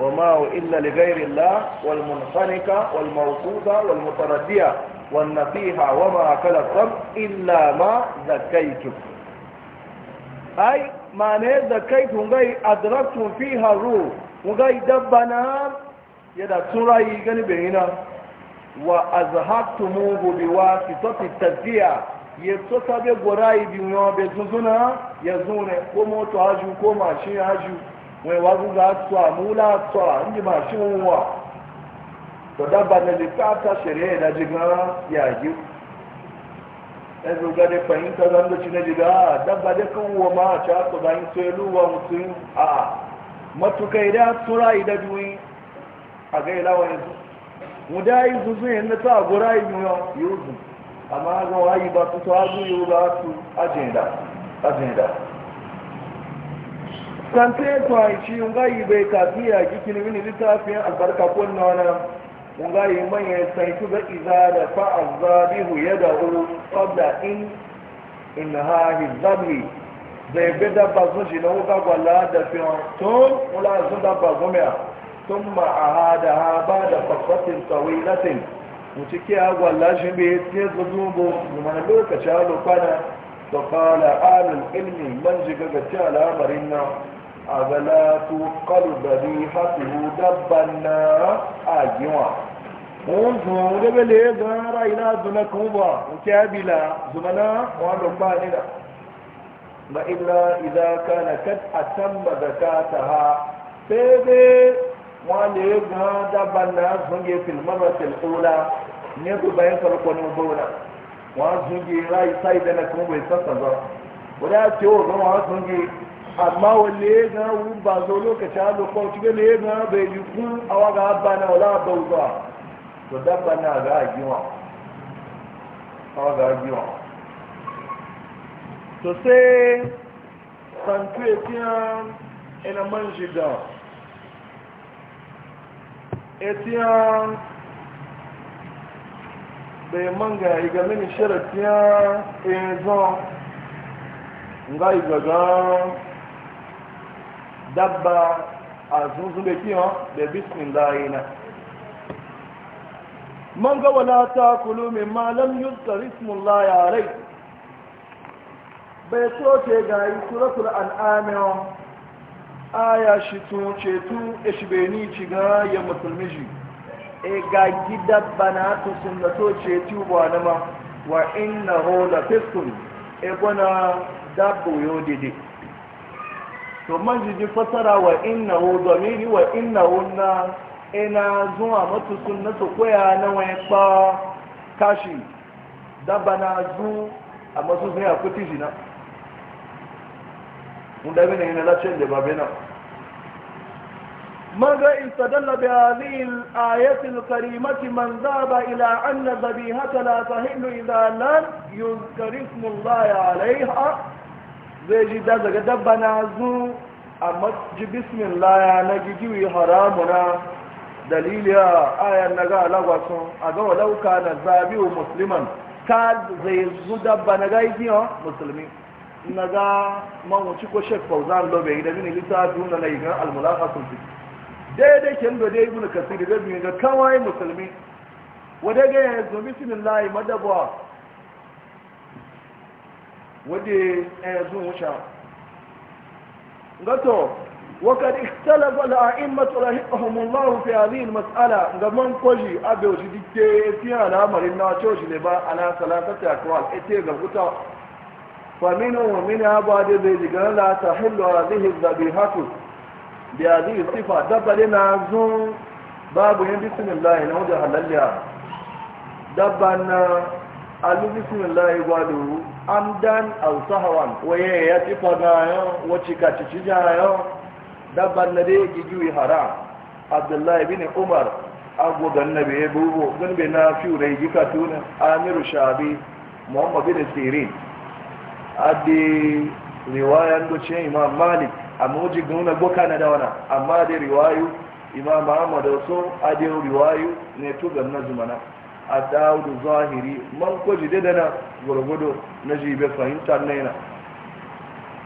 wal هو wal لغير wal والمنخنقة والموقوذة والمتردية wa ma kala الصم illa ma ذكيتم ai mana ya zakai tungai adraktun fi haru tungai dabba na yadda tun rayu gani bayina wa azhaqtumuhu biwasitati tadhiya yato tota sabe gorai biyo be zuzuna yazune ko moto haju ko mashin haju we wagu ga a mula a inji mashin wa to dabba na ta ta shari'a da jiga ya yi. ya zuga da fahimta zan da cina jiga dabba da kan wa ma ta ku bayin tselu wa mutum a matukai da tura ida duwi a ga ilawa yanzu mu da yi zuzu yanda ta gura yi yi yuzu amma ga wayi ba su to azu yi ba su ajenda ajenda kan ta yi tuwa ci yi bai kafiya gikin mini littafin albarka ko na wani ga yi manyan ku ga iza da fa azabihu ya qabla in in ha hizabi da ya bida bazun shi na wuka gwala da fiyon tun wula sun da bazun ya tun ahada ha ba da fafatin tawilatin latin mutu a gwala shi be ce zuzu bu zuma lokaci a lokana to fara alul ilmi man ji ga ta al'amarin nan àgbẹ̀lẹ́tù kọlùbẹ̀rí fásitì dábàná àjíwà wọ́n zùn lébẹ̀lẹ̀ gan ara iná zùnà kan bọ̀ nke abila zùnà náà wọ́n lọ gbá nílà ba illa idza kana kad atamma zakataha bebe wọ́n lè gan na zunge fil maratil ula ne ku bayan farko ne bauna wọ́n zunge rai sai da na kan bai sassa ba wadda ce wa zama wọ́n zunge amma wanda ya ga ba zo lokacin hannu kwa cikin da ya ga bai yi kun awa ga abba na wala abba zuwa to dabba na ga agiwa awa ga agiwa to sai santu ya tiya ina man shiga ya tiya bai man ga yi ga mini shirar tiya ya eh, zo nga igaga dabba a zunzube kiyon da bismillahi na man ga wala ta kulu min ma lam yuzkar rai. bai so ce ga yi suratul aya shi tun cetu ishbeni e ci ga ya musulmi shi e ga gida bana to sun da to cetu ba na ma wa inna hola fiskun e gwana dabbo dide to majiji fasara wa inna hu domini wa inna hu na ina zuwa matu sunnatu koya na waya kpa kashi daba na zu a masu zai a kuti jina mun da na yana lacin da babu yana maza in sadalla bi alil ayati alkarimati man zaba ila anna zabihata hindu tahillu idha lam yunkarismu allahi alaiha zai ji da daga dabba na zu amma ji bismillah ya na gigiwi haramuna daliliya ayan na ga alagwasun a ga wadauka na zabi'u musulman, ta zai zu dabba na ga igiyo musulmi na ga mawuci ko shek fauzan lobe da mini littafin na laigar almulaka sun fi daidai ken da dai ibn kasiri da ga kawai musulmi wadda ga yanzu bismillah madabwa wadda eh, ya yanzu wuce gato wa wakar iktala bala a in matsala hikahumun lahu fi azin matsala ga man kwaji a bauchi dike fi amarin na coci ne ba ana salata ta kuwa ita ga kuta faminu wa mini haba da zai jiga da ta hillo a zihin zabi haku biya ya sifa. Dabba ne na zun babu yin bisinin layi na wajen halalliya dabba na alubisimilayi gwado amdan sahawan. waye ya ci fanayo wa ka ci cijayo dabban na dai gigiwi haram. abdullahi bin umar agwagan na bai bubo gan bai na fiye da gika tuna amiru shabi muhammad bin sirin adi riwayan goce imam malik amma wuji goka na dawana amma dai riwayu imam Muhammadu, so adi riwayu ne tu tugan na zumana a dawudu zahiri man kwaji na gwargwado na jibe fahimtar naina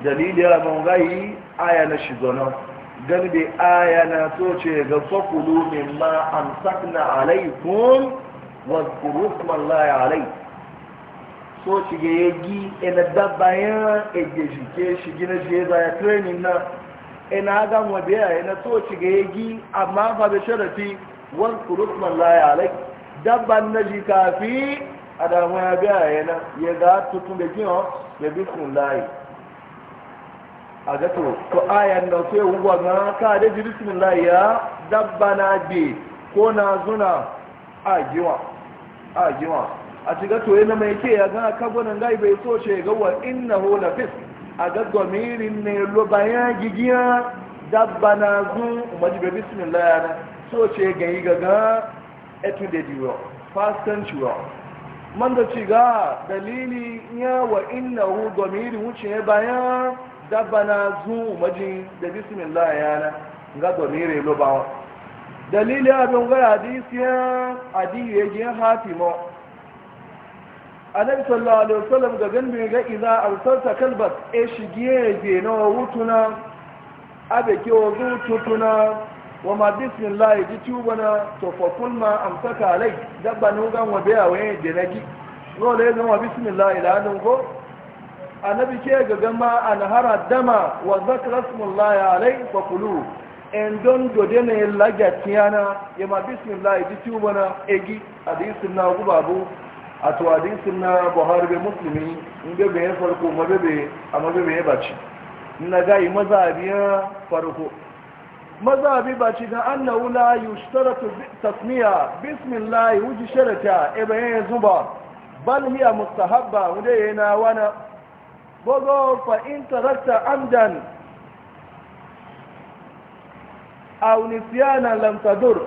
dalili ya rabon gayi aya na shizonon gani da aya na so ce ga fakulu min ma amsakna alaikum wa kurusman laye alai so ci ga ya gi ina e dabbayan ege shike shi gina shi za ya training na ina e ga mu ina e so ci ga ya gi amma fa da sharafi wa kurusman laye alai dabban na ji kafi a damu ya biya yana ya ga tutun da kiyon da bisun layi a ga to to ayan da sai wuwa na ka da ji bismillah ya dabba na be ko na zuna a jiwa. a giwa a ci gato to yana mai ke ya ga ka gwanin gai bai so ce ga wa innahu la fis a ga domirin ne lo bayan gigiya dabba na zu majibe bismillah ya na so ce ga yi gaga etu da diyo fastan ciwo man da ci ga dalili ya wa inna hu domiri wuce bayan dabana zu majin da bismillah yana ga domiri lo ba dalili abin ga hadisi ya adiye ge hatimo annabi sallallahu alaihi wasallam ga ganbe ga idza arsalta kalbak e shige ge no wutuna abe ke wo tutuna wama bismillah ji tubana to fa ma amsaka alai dabba nu gan wa biya waye da nagi no le gan wa bismillah da hannun ko bi ke ga gama hara dama wa zakra ismullahi alai fa kulu en don do de ne laga tiyana ya ma bismillah ji tubana egi disin na gubabu a to disin na buhari be muslimi in be be farko ma be be amma be be bace na ga yi mazabiya farko mazhabi ba ci ga annahu la yushtaratu tasmiya bismillah wuji sharata ibayen zuba bal hiya mustahabba wanda yana wana bogo fa in tarakta amdan aw nisyana lam tadur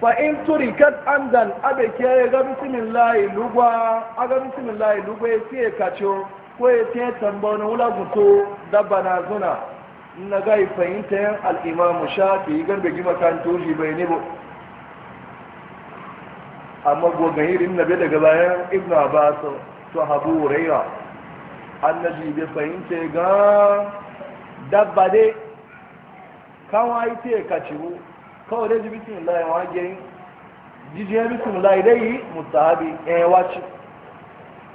fa in turikat amdan abeke ga bismillah lugwa aga bismillah lugwa sai kacho ko ya tambawa na wula guto dabba na zuna na ga fahimta yan al'imamu yi gan da gima kan toshi bai ne ba amma gwagayirin na bai daga bayan ibn abbas to habu raira an na jibe fahimta ga dabba dai kawai ka ya kaciwo kawai dai jibitin layan wajen jijiyar bisu layi dai mustahabi habi eh, wace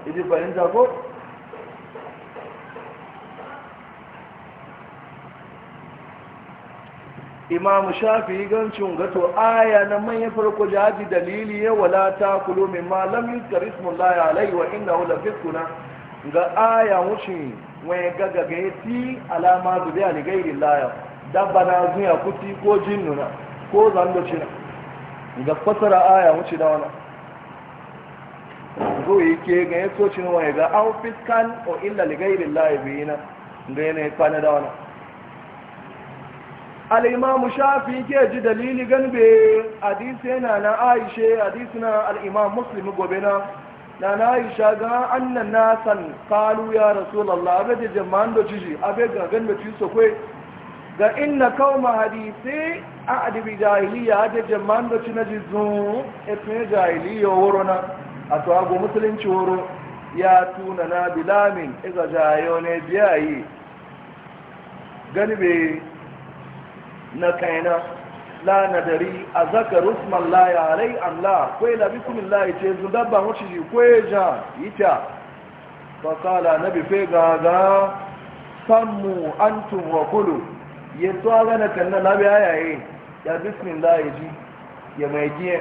idi fahimta ko imam shafi gancin gato aya na manyan farko jaji dalili ya wala ta kulo min malam yuzkar ismullahi alai wa inna hu fiskuna, ga aya wuce wani gagaga ya ti alama zubi a ligairin laya dabba na zuya kuti ko nuna ko zandocina ga fasara aya wuce da wani zuwa yake ga ya socin wani ga an fiskan o illa ligairin laya biyu na ga yanayi kwana da wani al'imamu shafi ke ji dalili ganbe hadisi yana na aishe hadisi na al'imam Musulmi gobe na na na aisha ga annan nasan kalu ya rasulallah abe da jama'an da ciji abe ga ganbe ci so kwe ga inna kauma hadisi a adibi jahiliya da jama'an da ci na jizun efe jahiliya woro na a to musulunci woro ya tuna na bilamin iga jayo ne biyayi ganbe na kaina la nadari a zaka rusman laye a rai an la kwai labi kumin laye ce zu dabba mashi ji kwai ja ita fasala na bife gaga sammu an wa kulu ya tuwa gana kanna labi ayaye ya bismin ji ya mai giye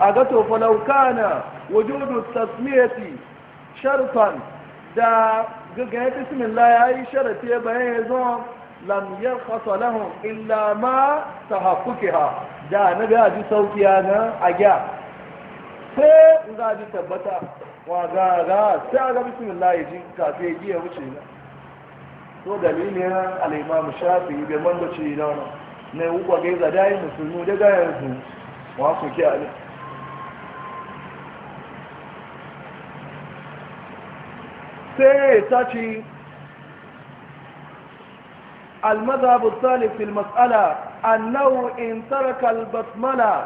a ga gato falaukana wujudu tasmiyati sharfan da gaggaya bismin laye ya yi bayan ya zama lam yarkhasa lahum illa ma ta ha, da na ga ji saukiya na a gya sai a ji tabbata wa ga ga sai ga bismillah ji kafe giya wuce na to dalilin al-imam shafi'i bai manda wani. na yi ne uwa da ga musulmi daga yanzu wa su ki ali sai ta ci المذهب الثالث في المسألة أنه إن ترك البسملة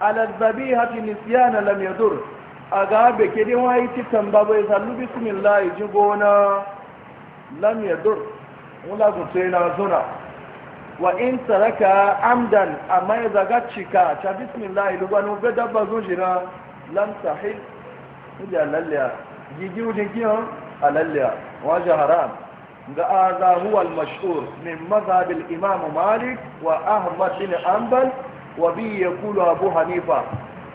على الذبيحة نسيانا لم يدر أقاب كده وهيتي تنبابا يسألو بسم الله جبونا لم يدر ولا قلتنا زنا وإن ترك عمدا أما إذا قد شكا بسم الله لبنو بدب زجرا لم تحل ودي ألاليا جيجي وجنكيهم ألاليا واجه حرام ga aza huwal mashhur min al imam malik wa ahmad bin anbal wa bi yaqulu abu hanifa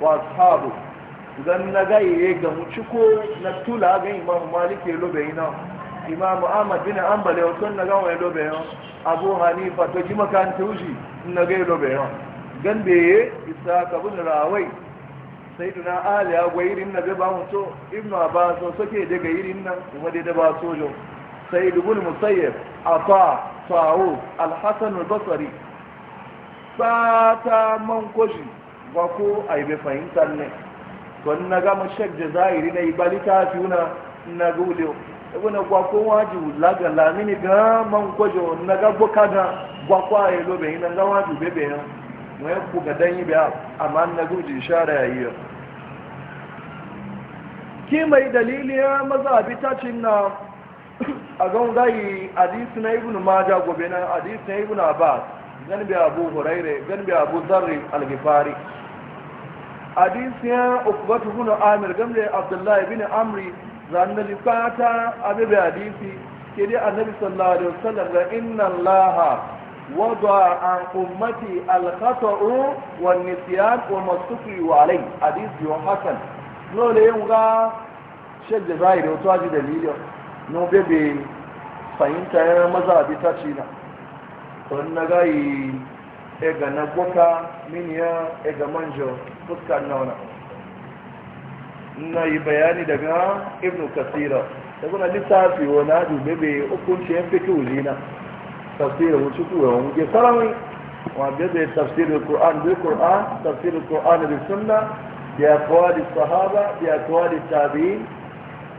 wa ashabu gan na ga muciko na tula ga imam malik ya lobe ina imam ahmad bin anbal ya son na ga wa lobe ina abu hanifa to ji makan tuji na ga lobe ina gan be isa ka bin rawai sayyiduna ali ya gwairin nabi ba ba to ibnu abbas so ke daga irin nan kuma dai da ba sojo سيد بن مصير عطاء طاووس الحسن البصري من منكوشي وكو أي بفهمت النه فنغا مشك جزائري بالي تافيونا نغوليو ibina gwakon waju laga lamini ga man kwajo na ga gwaka ga gwakwa ya lobe yi na ga waju bebe ya mu ya kuka dan yi biya amma na shara ya yi ki mai dalili ya maza bitacin na a gan gayi hadisi na ibnu maja gobe na hadisi na ibnu abbas gan bi abu huraire gan bi abu zarri al-ghifari hadisi ya ukbatu ibn amir gan bi abdullahi ibn amri zan da fata abi bi hadisi ke dai annabi sallallahu alaihi wasallam ga inna allaha wada an ummati al-khata'u wan nisyan wa masuqi wa alai hadisi wa hasan dole yin ga shadda zahiri wato aji dalilin nube bebe fahimta ya maza a bita ce na wani na gayi ega na gwaka miniya ega manjo fuskar nauna na yi bayani daga ibn kasira da kuna littafi wani aju bebe hukunci ya fi kiwuli na tafsirin wuce kuwa wani ke sarari wanda zai tafsirin kur'an bil kur'an tafsirin kur'an da sunna bi da sahaba bi da tabi'in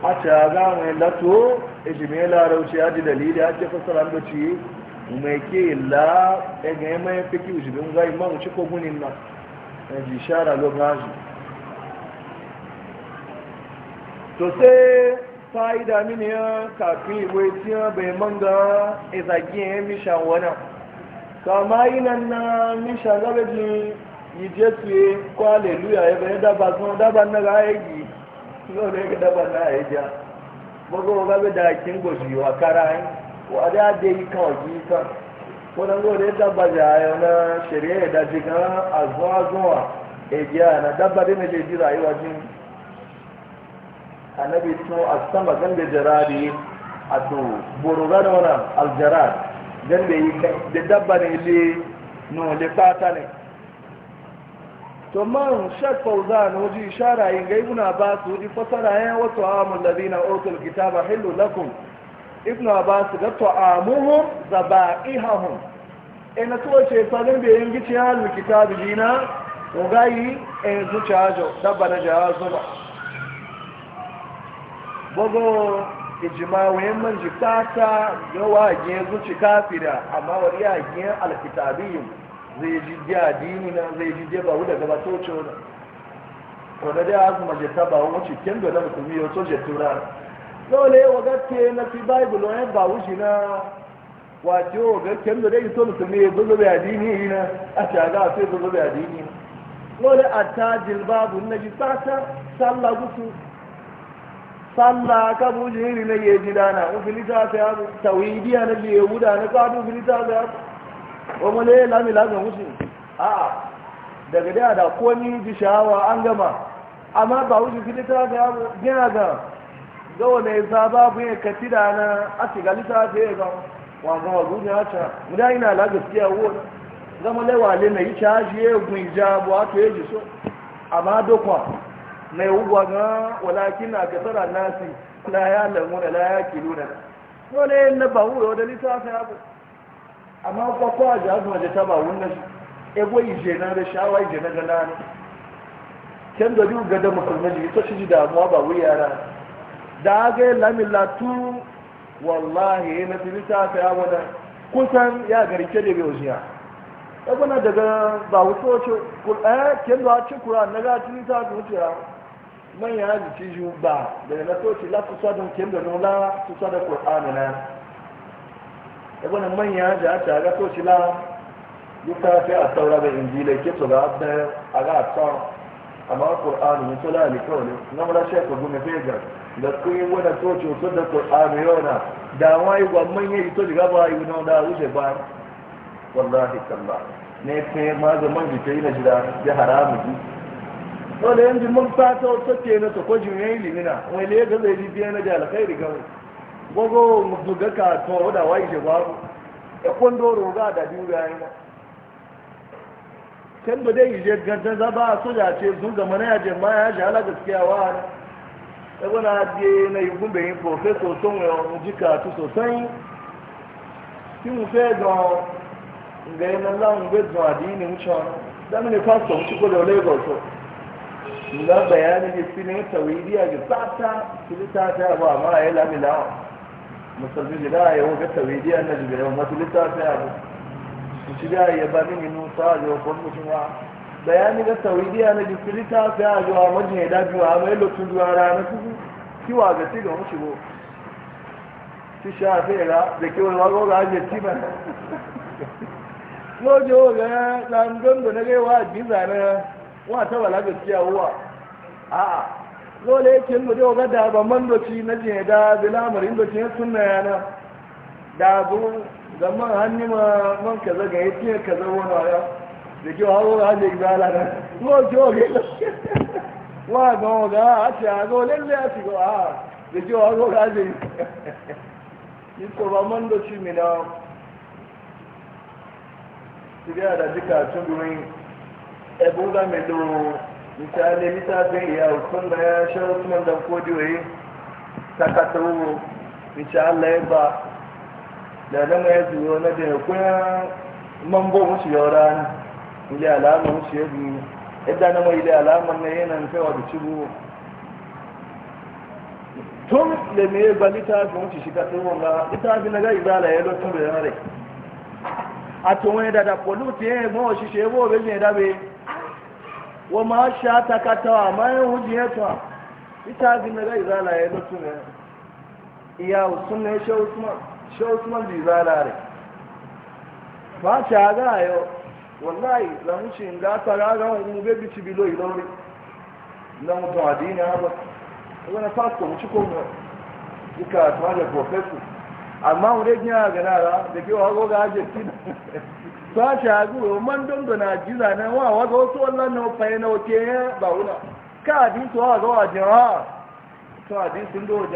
a ce a gawon lato ejime larauci ya ji dalili ya ce fasara da ci mai ke la ega ya mai fiki ujibin zai ma wuce ko gunin na ya ji shara lokaci to sai fa'ida mini ya kafin iwe tiya bai manga izagi e ya misha wana kama yi nan na misha gabajin yi jesuye kwa aleluya ya e bai daba sun daba na ga aiki e yau ne ga daba na ya ja bugu ba ga da kin goshi wa karai wa da da yi kawai ka wannan gode daba ja ya na shari'a da jiga azwa zuwa e ja na daba da ne ji rayuwa jin annabi to a sama ganda jaradi a to boroga da wannan aljarad ganda yi da daba ne le no le fata ne to man shak fauzan waje ishara yin gai muna ba su waje fasara yan wato amun ladina otul kitaba hillu lakum ba abbas ga ta'amuhum zaba'ihahum ina e to ce sanin da yin gici halu kitabi dina to gayi e a zuciya jo dabba na jawazu ba bogo ijima wayan man jikata ga wajen zuci kafira amma wariya gen alkitabiyun zai ji biya dini na zai ji biya bawu daga bato ce wani wadda dai azuma je ta bawu wacce ken da na mutum yau so je tura dole wa gaske na fi bible wani bawu shi na wace wa ga ken da dai so mutum ya zo zobe addini na a shaga sai zo zobe addini dole a ta jilbabu na ji sata sallah gusu sallah ka bujiri na yeji dana ufilita ta yabu tawidiya na je yahuda na kadu ufilita ta yabu omole lami lami wuce a daga da da ko ni ji shawa an gama amma ba wuce fi ta ga gina ga ga wanda ya zaba bu ya kati na a ci ga lita ta ya ga wa ga wa gudu ya ta ina la gaskiya wo zama lai wale na yi caji ya gun ja bu a to ya ji so amma dokwa na yi ugwa ga walakin na kasara nasi la ya lamuna la ya kiluna dole na ba wuyo da lita ya amma kwakwa a jihazin waje ta ba wunan ego ije na da shawai ije na gana ne kyan da duk gada musulman jiki ita shi damuwa ba wuyi yara da aga yi tun wallahi na filita ta yawo da kusan ya garke da biyu ziya na daga ba wuce wace kulɗaya eh, kyan da ci kura na ga filita ta wuce ya manya ji ci ba daga na toci lafi sadin kyan da nula su sadin kulɗa na ibn manya ja ta ga to shi la yuta fi a saura da injila ke to ga da aga ta amma qur'ani mun to la ni ko ne na mala shi ko gume fe ga da ku yi wani to da qur'ani yona da wai gwa manya ito diga ba yi no da wuce ba wallahi kallah ne ke ma na biya na gbogbo mutuga ka to da wai ije ba e kondo roga da biyu ga ina kan da dai je za ba so ce zu ga mana ya je ma ya e e ji ala gaskiya wa e wala die na yi gumbe yin professor son yo jika tu sosai ki mu fe ga ga na la mu be zo adini mu cho da mu ne pastor mu ci ko da lagos na sinin a ga sata kilita ta ba ya lamila musulmi da ya wuga tawidi an nabi da ummatu littafi abu shi da ya ba ni nu sa jo kon mutuwa bayani da tawidi an nabi littafi abu a majin da biwa mai lutun duwa rana su kiwa ga ci ga mu shigo ti ṣáàfẹ́ ìlà lèkí wọn wọ́n rọrọ̀ ajé tí mà lójú rẹ̀ làǹdóńdó nígbà wà gbígbà rẹ̀ wọ́n àtọ́wà lágbèsí àwọ́ à dole yake yin gudu ga da ba man doki na je da bilamar in doki, ya sunna yana da bu zaman hannu ma man kaza ga ya tiye kaza wani aya da ke hawo ha da ibala na ko jo ga wa ga ga a ce a go lalle a ci go a da ke hawo ha da ni ko ba man doki mi na tiga da dika tun bi mai ebuga mai do misali littafin ya hukun da ya sha usman dan kodiyoyi takata wuro inshallah ya ba da nan ya zuwa na da kuna mambo musu yau rana ile alama musu ya biyu yadda na mai ile alama na yana kaiwa da cibu tun da me ba littafin wuce shi tsohon wanga littafin na gari zala ya lotun da yare a tun wani da da yi mawa shi shi ya wa ma sha ta katawa ma yin hujiyar ta ita zin daga izala ya zo tun iya sun ne shi usman da izala ne ba ta ga yau wallahi zamu shi in ga ta ga ga mu be bici bilo ilori na mutum adini ba wani fasko mu ci ko mu duka ta da professor amma mu dai gina ga nara da ke wa ga ga ajiyar sa shagu yo man jiza na wa wa wasu so na no na oke ba una ka di to wa go ajira to adi sun do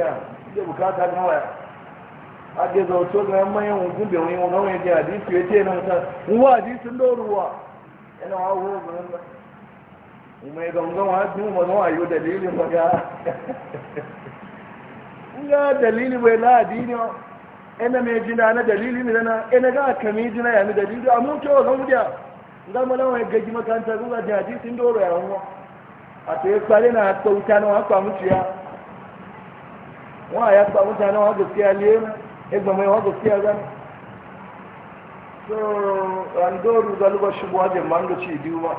bukata na wa ade zo to ga man yin gun be yin no yin ja di fiye te na wa sun ruwa ina wa ba mai gangan wa dalilin *laughs* nga bai na adini ina mai jina na dalili ne na ina ga kami jina ya mi dalili amma to ga mu da ga mu lawa ga ji makanta zuwa da hadisi ndoro ya rawo a to ya na tauta na haka muciya wa ya ba na wa gaskiya ne ya zama mai wa gaskiya ga so randoru ga luba shi buwa da mando ci diuma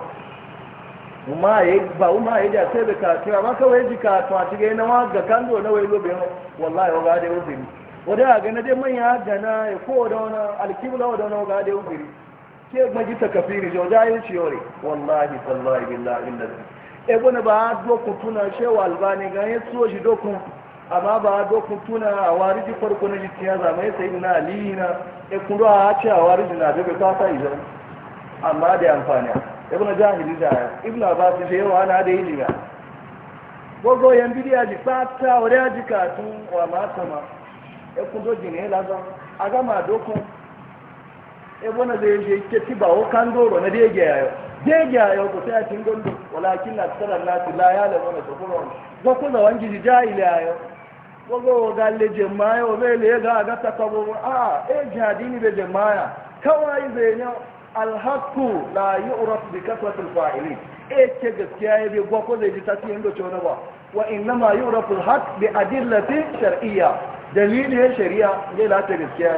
ma ya ba ma ya da sai da ka kira ma kawai ji ka to a cikin na wa ga kando na wai lobe wallahi wa ga da yau wadda a gane dai manya gana ya ko da wani alkibla wadda wani ga dai ubiri ke gbaji ta kafiri jau da yin ciyori wallahi tallahi billahi inda zai e gwani ba a dokun tuna shewa albani ga ya tso shi dokun amma ba a dokun tuna a wariji farko na jitiya zamai sai na aliyu na e kuma a ce a wariji na daga kwata izan amma da amfani ibn jahili da ibn abbas sai yawa na da ilimi gogo yan bidiya ji fata wadda ya ji katun wa ma sama ekudo jini lazan aga ma dokun ebo na zai je ke ti bawo kan doro na dege yayo dege yayo ko sai tin gondo walakin na tsara na ti la ya la wala tokoro ko ko da wangi ji jahili yayo ko go ga le je mayo be le ga ga ta ko a e jadini be je maya kawai zai be ne alhaqu la yu'raf bi kasrat alfa'ilin e ke gaskiya ya be ko ko zai ji ta tin gondo ba wa innama yu'rafu alhaq bi adillati shar'iyyah dalilin shari'a zai lati gaskiya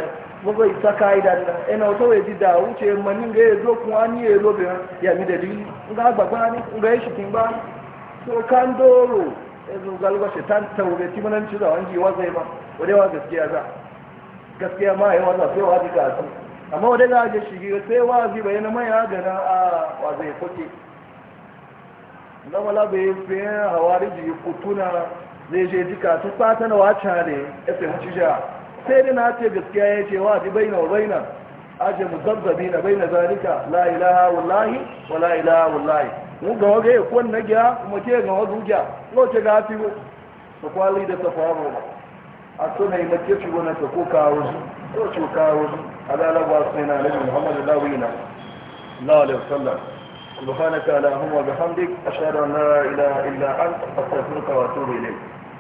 muka isa ka'ida na ina wata waje da wuce manin ga yazo kuma ni ya zo bayan ya mi dalili in ga gbagba ni in ga shi ba to kan doro yanzu galba shi tan taure ti manan ci da wangi wa zai ba wadewa gaskiya za gaskiya ma yi wannan sai wa diga su amma wadai za a je shigi sai wazi bai bayan mai ya gana a wa zai kuke zama labe fiye hawari ji kutuna zai je jika tun fata na wacce ne ya fahimci jiya sai dai na ce gaskiya ya ce wa bi baina wa baina aje mu zabzabi na baina zalika la ilaha wallahi wa la ilaha wallahi mu ga waje ya na gya mu ke ga wazu gya no ce ga fi mu su kwali da ta faru a suna yi mace ci wani ta ko kawo su ko su kawo su alalaba su na nabi muhammadu lawina la alaihi wasallam سبحانك اللهم وبحمدك أشهد أن لا إله إلا أنت أستغفرك وأتوب إليك